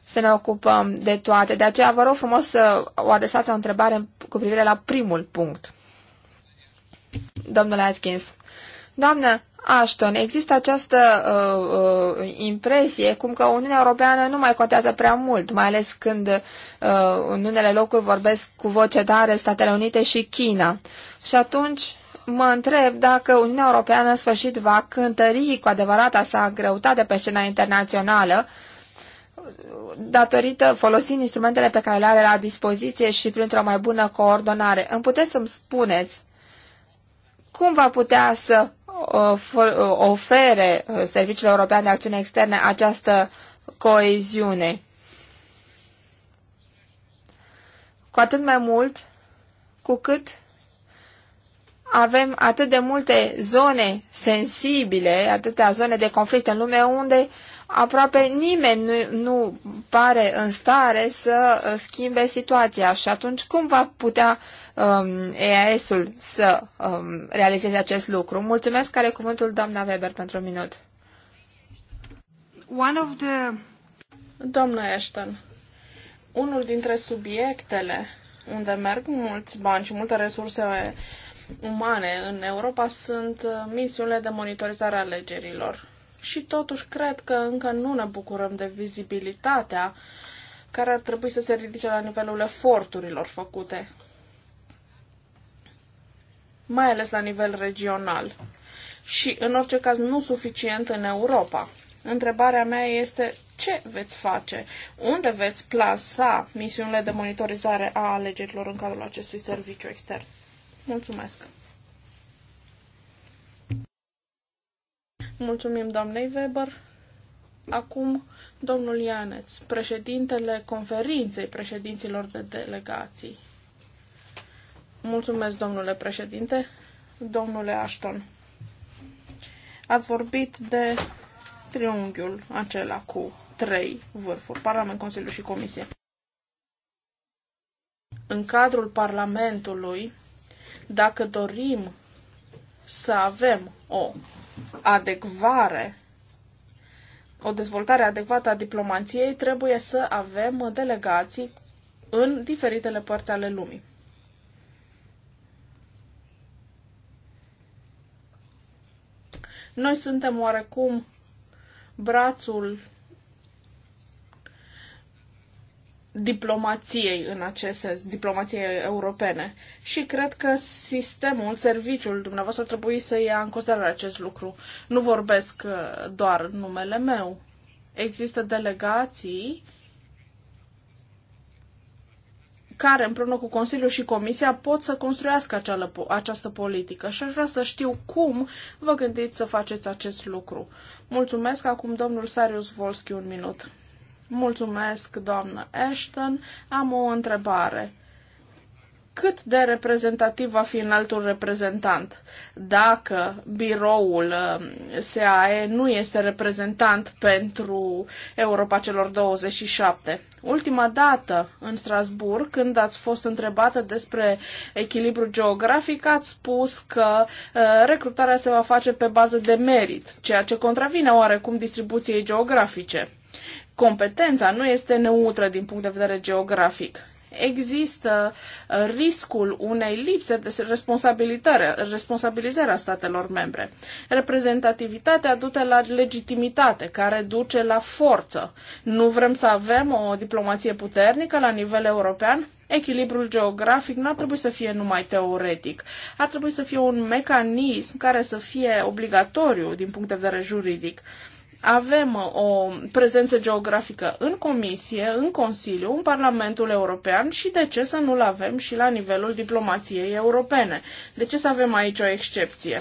să ne ocupăm de toate. De aceea vă rog frumos să o adresați o întrebare cu privire la primul punct. Domnule Atkins, doamnă Ashton, există această uh, uh, impresie cum că Uniunea Europeană nu mai contează prea mult, mai ales când uh, în unele locuri vorbesc cu voce tare Statele Unite și China. Și atunci mă întreb dacă Uniunea Europeană în sfârșit va cântări cu adevărata sa greutate pe scena internațională datorită folosind instrumentele pe care le are la dispoziție și printr-o mai bună coordonare. Îmi puteți să-mi spuneți cum va putea să uh, uh, ofere uh, Serviciul European de Acțiune Externe această coeziune? Cu atât mai mult cu cât avem atât de multe zone sensibile, atâtea zone de conflict în lume unde aproape nimeni nu, nu pare în stare să uh, schimbe situația și atunci cum va putea um, EAS-ul să um, realizeze acest lucru? Mulțumesc, care cuvântul doamna Weber pentru un minut. One of the... Doamna Ashton, unul dintre subiectele unde merg mulți bani și multe resurse umane în Europa sunt uh, misiunile de monitorizare a alegerilor. Și totuși cred că încă nu ne bucurăm de vizibilitatea care ar trebui să se ridice la nivelul eforturilor făcute, mai ales la nivel regional și, în orice caz, nu suficient în Europa. Întrebarea mea este ce veți face? Unde veți plasa misiunile de monitorizare a alegerilor în cadrul acestui serviciu extern? Mulțumesc! Mulțumim doamnei Weber. Acum, domnul Ianeț, președintele conferinței președinților de delegații. Mulțumesc, domnule președinte, domnule Ashton. Ați vorbit de triunghiul acela cu trei vârfuri, Parlament, Consiliu și Comisie. În cadrul Parlamentului, dacă dorim să avem o adecvare, o dezvoltare adecvată a diplomației, trebuie să avem delegații în diferitele părți ale lumii. Noi suntem oarecum brațul diplomației în acest sens, diplomației europene. Și cred că sistemul, serviciul dumneavoastră trebuie să ia în considerare acest lucru. Nu vorbesc uh, doar numele meu. Există delegații care împreună cu Consiliul și Comisia pot să construiască acea, această politică și aș vrea să știu cum vă gândiți să faceți acest lucru. Mulțumesc acum domnul Sarius Volski un minut. Mulțumesc, doamnă Ashton. Am o întrebare cât de reprezentativ va fi înaltul reprezentant. Dacă biroul uh, SAE nu este reprezentant pentru Europa celor 27. Ultima dată în Strasburg, când ați fost întrebată despre echilibru geografic, ați spus că uh, recrutarea se va face pe bază de merit, ceea ce contravine oarecum distribuției geografice. Competența nu este neutră din punct de vedere geografic. Există uh, riscul unei lipse de responsabilitate, a statelor membre. Reprezentativitatea duce la legitimitate, care duce la forță. Nu vrem să avem o diplomație puternică la nivel european? Echilibrul geografic nu ar trebui să fie numai teoretic. Ar trebui să fie un mecanism care să fie obligatoriu din punct de vedere juridic avem uh, o prezență geografică în Comisie, în Consiliu, în Parlamentul European și de ce să nu-l avem și la nivelul diplomației europene? De ce să avem aici o excepție?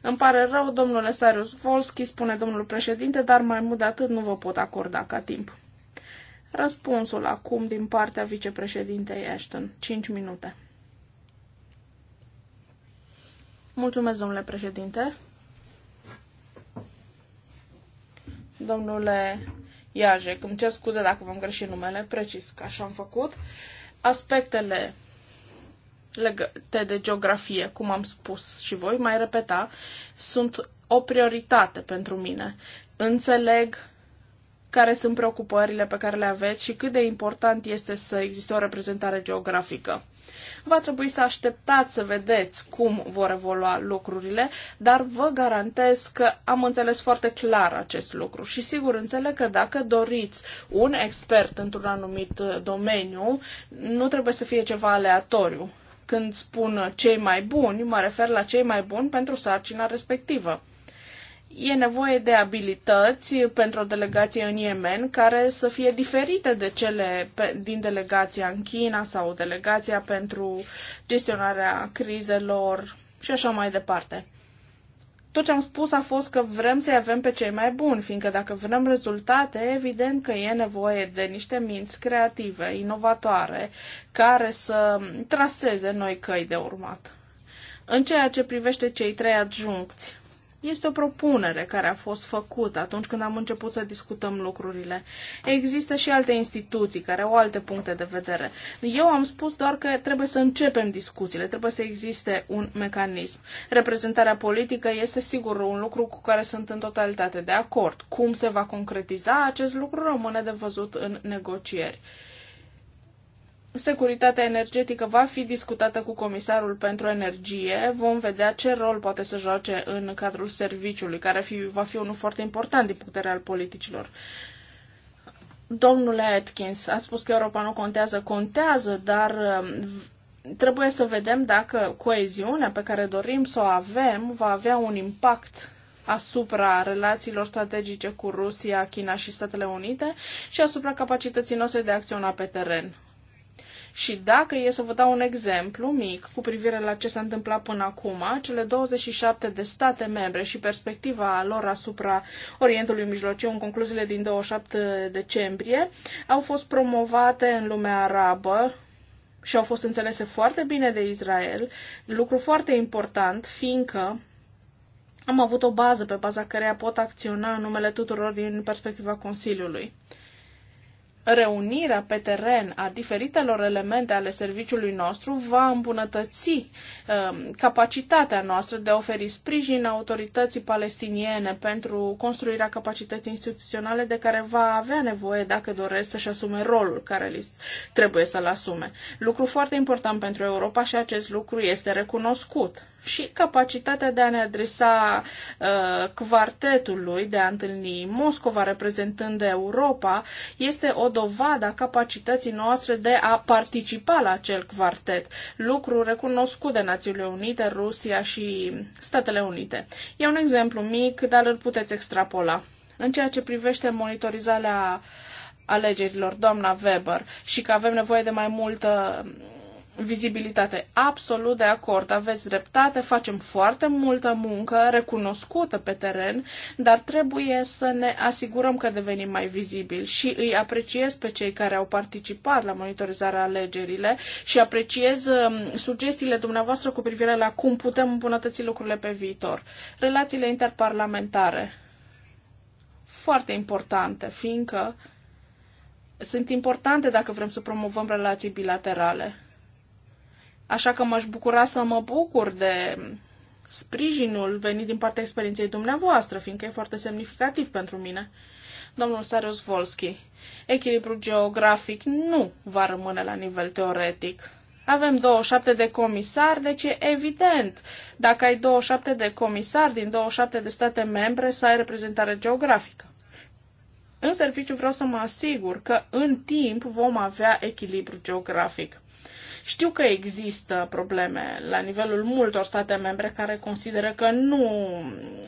Îmi pare rău, domnule Sarius Volski, spune domnul președinte, dar mai mult de atât nu vă pot acorda ca timp. Răspunsul acum din partea vicepreședintei Ashton. 5 minute. Mulțumesc, domnule președinte. domnule Iaje, îmi cer scuze dacă v-am greșit numele, precis că așa am făcut, aspectele legate de geografie, cum am spus și voi mai repeta, sunt o prioritate pentru mine. Înțeleg care sunt preocupările pe care le aveți și cât de important este să existe o reprezentare geografică. Va trebui să așteptați să vedeți cum vor evolua lucrurile, dar vă garantez că am înțeles foarte clar acest lucru și sigur înțeleg că dacă doriți un expert într-un anumit uh, domeniu, nu trebuie să fie ceva aleatoriu. Când spun cei mai buni, mă refer la cei mai buni pentru sarcina respectivă e nevoie de abilități pentru o delegație în Yemen care să fie diferite de cele din delegația în China sau delegația pentru gestionarea crizelor și așa mai departe. Tot ce am spus a fost că vrem să-i avem pe cei mai buni, fiindcă dacă vrem rezultate, evident că e nevoie de niște minți creative, inovatoare, care să traseze noi căi de urmat. În ceea ce privește cei trei adjuncți, este o propunere care a fost făcută atunci când am început să discutăm lucrurile. Există și alte instituții care au alte puncte de vedere. Eu am spus doar că trebuie să începem discuțiile, trebuie să existe un mecanism. Reprezentarea politică este sigur un lucru cu care sunt în totalitate de acord. Cum se va concretiza acest lucru rămâne de văzut în negocieri. Securitatea energetică va fi discutată cu Comisarul pentru Energie. Vom vedea ce rol poate să joace în cadrul serviciului, care fi, va fi unul foarte important din punct de vedere al politicilor. Domnule Atkins, a spus că Europa nu contează, contează, dar um, trebuie să vedem dacă coeziunea pe care dorim să o avem va avea un impact asupra relațiilor strategice cu Rusia, China și Statele Unite și asupra capacității noastre de a acționa pe teren. Și dacă e să vă dau un exemplu mic cu privire la ce s-a întâmplat până acum, cele 27 de state membre și perspectiva lor asupra Orientului Mijlociu în concluziile din 27 decembrie au fost promovate în lumea arabă și au fost înțelese foarte bine de Israel, lucru foarte important, fiindcă am avut o bază pe baza căreia pot acționa în numele tuturor din perspectiva Consiliului reunirea pe teren a diferitelor elemente ale serviciului nostru va îmbunătăți um, capacitatea noastră de a oferi sprijin autorității palestiniene pentru construirea capacității instituționale de care va avea nevoie dacă doresc să-și asume rolul care li trebuie să-l asume. Lucru foarte important pentru Europa și acest lucru este recunoscut. Și capacitatea de a ne adresa uh, quartetului, de a întâlni Moscova reprezentând Europa, este o dovadă a capacității noastre de a participa la acel quartet, lucru recunoscut de Națiunile Unite, Rusia și Statele Unite. E un exemplu mic, dar îl puteți extrapola. În ceea ce privește monitorizarea alegerilor, doamna Weber, și că avem nevoie de mai multă vizibilitate absolut de acord. Aveți dreptate, facem foarte multă muncă recunoscută pe teren, dar trebuie să ne asigurăm că devenim mai vizibili și îi apreciez pe cei care au participat la monitorizarea alegerile și apreciez um, sugestiile dumneavoastră cu privire la cum putem îmbunătăți lucrurile pe viitor. Relațiile interparlamentare foarte importante, fiindcă sunt importante dacă vrem să promovăm relații bilaterale Așa că m-aș bucura să mă bucur de sprijinul venit din partea experienței dumneavoastră, fiindcă e foarte semnificativ pentru mine. Domnul Sarius Volski, echilibru geografic nu va rămâne la nivel teoretic. Avem 27 de comisari, deci e evident, dacă ai 27 de comisari din 27 de state membre, să ai reprezentare geografică. În serviciu vreau să mă asigur că în timp vom avea echilibru geografic. Știu că există probleme la nivelul multor state membre care consideră că nu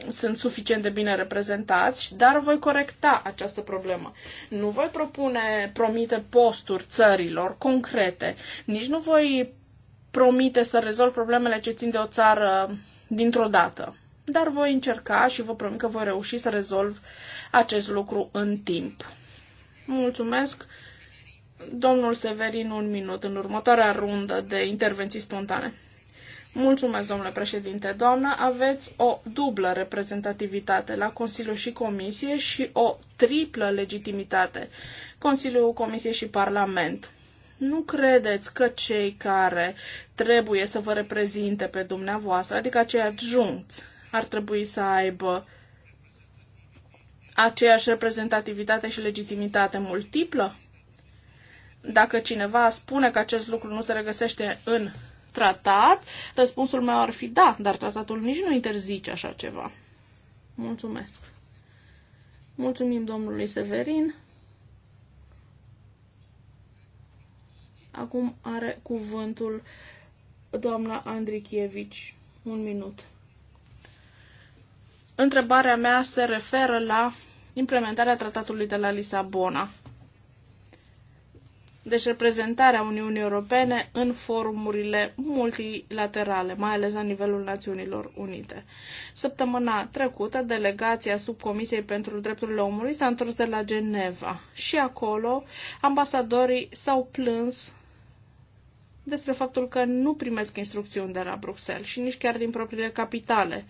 sunt suficient de bine reprezentați, dar voi corecta această problemă. Nu voi propune, promite posturi țărilor concrete, nici nu voi promite să rezolv problemele ce țin de o țară dintr-o dată. Dar voi încerca și vă promit că voi reuși să rezolv acest lucru în timp. Mulțumesc! Domnul Severin, un minut în următoarea rundă de intervenții spontane. Mulțumesc, domnule președinte. Doamnă, aveți o dublă reprezentativitate la Consiliu și Comisie și o triplă legitimitate. Consiliu, Comisie și Parlament. Nu credeți că cei care trebuie să vă reprezinte pe dumneavoastră, adică cei adjunți, ar trebui să aibă aceeași reprezentativitate și legitimitate multiplă? dacă cineva spune că acest lucru nu se regăsește în tratat, răspunsul meu ar fi da, dar tratatul nici nu interzice așa ceva. Mulțumesc. Mulțumim domnului Severin. Acum are cuvântul doamna Andrichievici. Un minut. Întrebarea mea se referă la implementarea tratatului de la Lisabona deci reprezentarea Uniunii Europene în forumurile multilaterale, mai ales la nivelul Națiunilor Unite. Săptămâna trecută, delegația Subcomisiei pentru Drepturile Omului s-a întors de la Geneva și acolo ambasadorii s-au plâns despre faptul că nu primesc instrucțiuni de la Bruxelles și nici chiar din propriile capitale.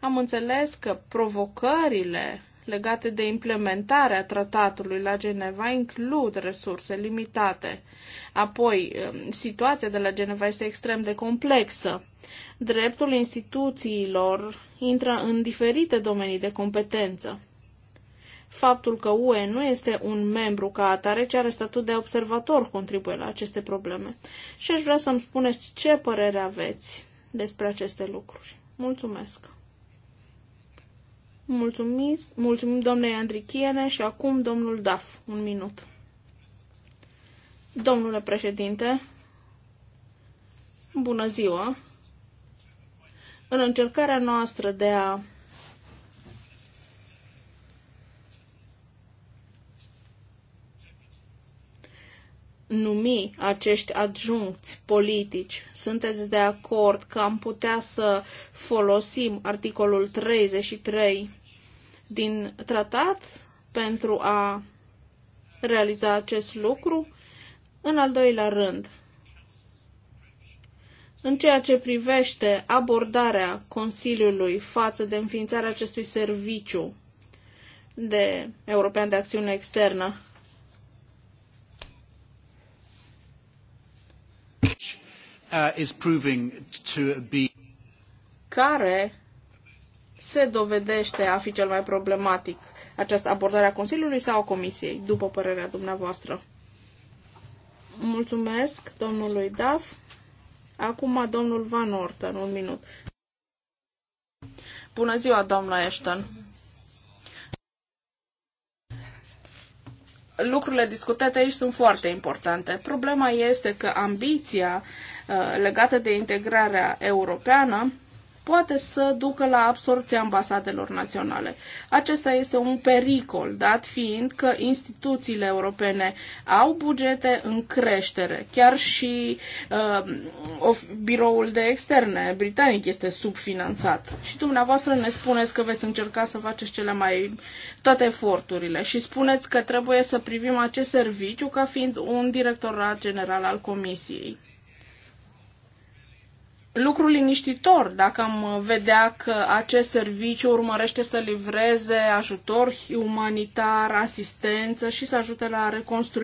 Am înțeles că provocările legate de implementarea tratatului la Geneva includ resurse limitate. Apoi, um, situația de la Geneva este extrem de complexă. Dreptul instituțiilor intră în diferite domenii de competență. Faptul că UE nu este un membru ca atare, ci are statut de observator, contribuie la aceste probleme. Și aș vrea să-mi spuneți ce părere aveți despre aceste lucruri. Mulțumesc! Mulțumim, mulțumim domnei Andrichiene și acum domnul Daf. Un minut. Domnule președinte, bună ziua! În încercarea noastră de a numi acești adjuncți politici? Sunteți de acord că am putea să folosim articolul 33 din tratat pentru a realiza acest lucru? În al doilea rând, în ceea ce privește abordarea Consiliului față de înființarea acestui serviciu de European de Acțiune Externă, Uh, is proving to be care se dovedește a fi cel mai problematic această abordare a Consiliului sau a Comisiei, după părerea dumneavoastră. Mulțumesc domnului Daf. Acum domnul Van Orten, un minut. Bună ziua, doamna Ashton. Lucrurile discutate aici sunt foarte importante. Problema este că ambiția Uh, legată de integrarea europeană poate să ducă la absorția ambasadelor naționale. Acesta este un pericol, dat fiind că instituțiile europene au bugete în creștere. Chiar și uh, of, biroul de externe britanic este subfinanțat. Și dumneavoastră ne spuneți că veți încerca să faceți cele mai toate eforturile și spuneți că trebuie să privim acest serviciu ca fiind un directorat general al Comisiei lucru liniștitor dacă am vedea că acest serviciu urmărește să livreze ajutor umanitar, asistență și să ajute la reconstruire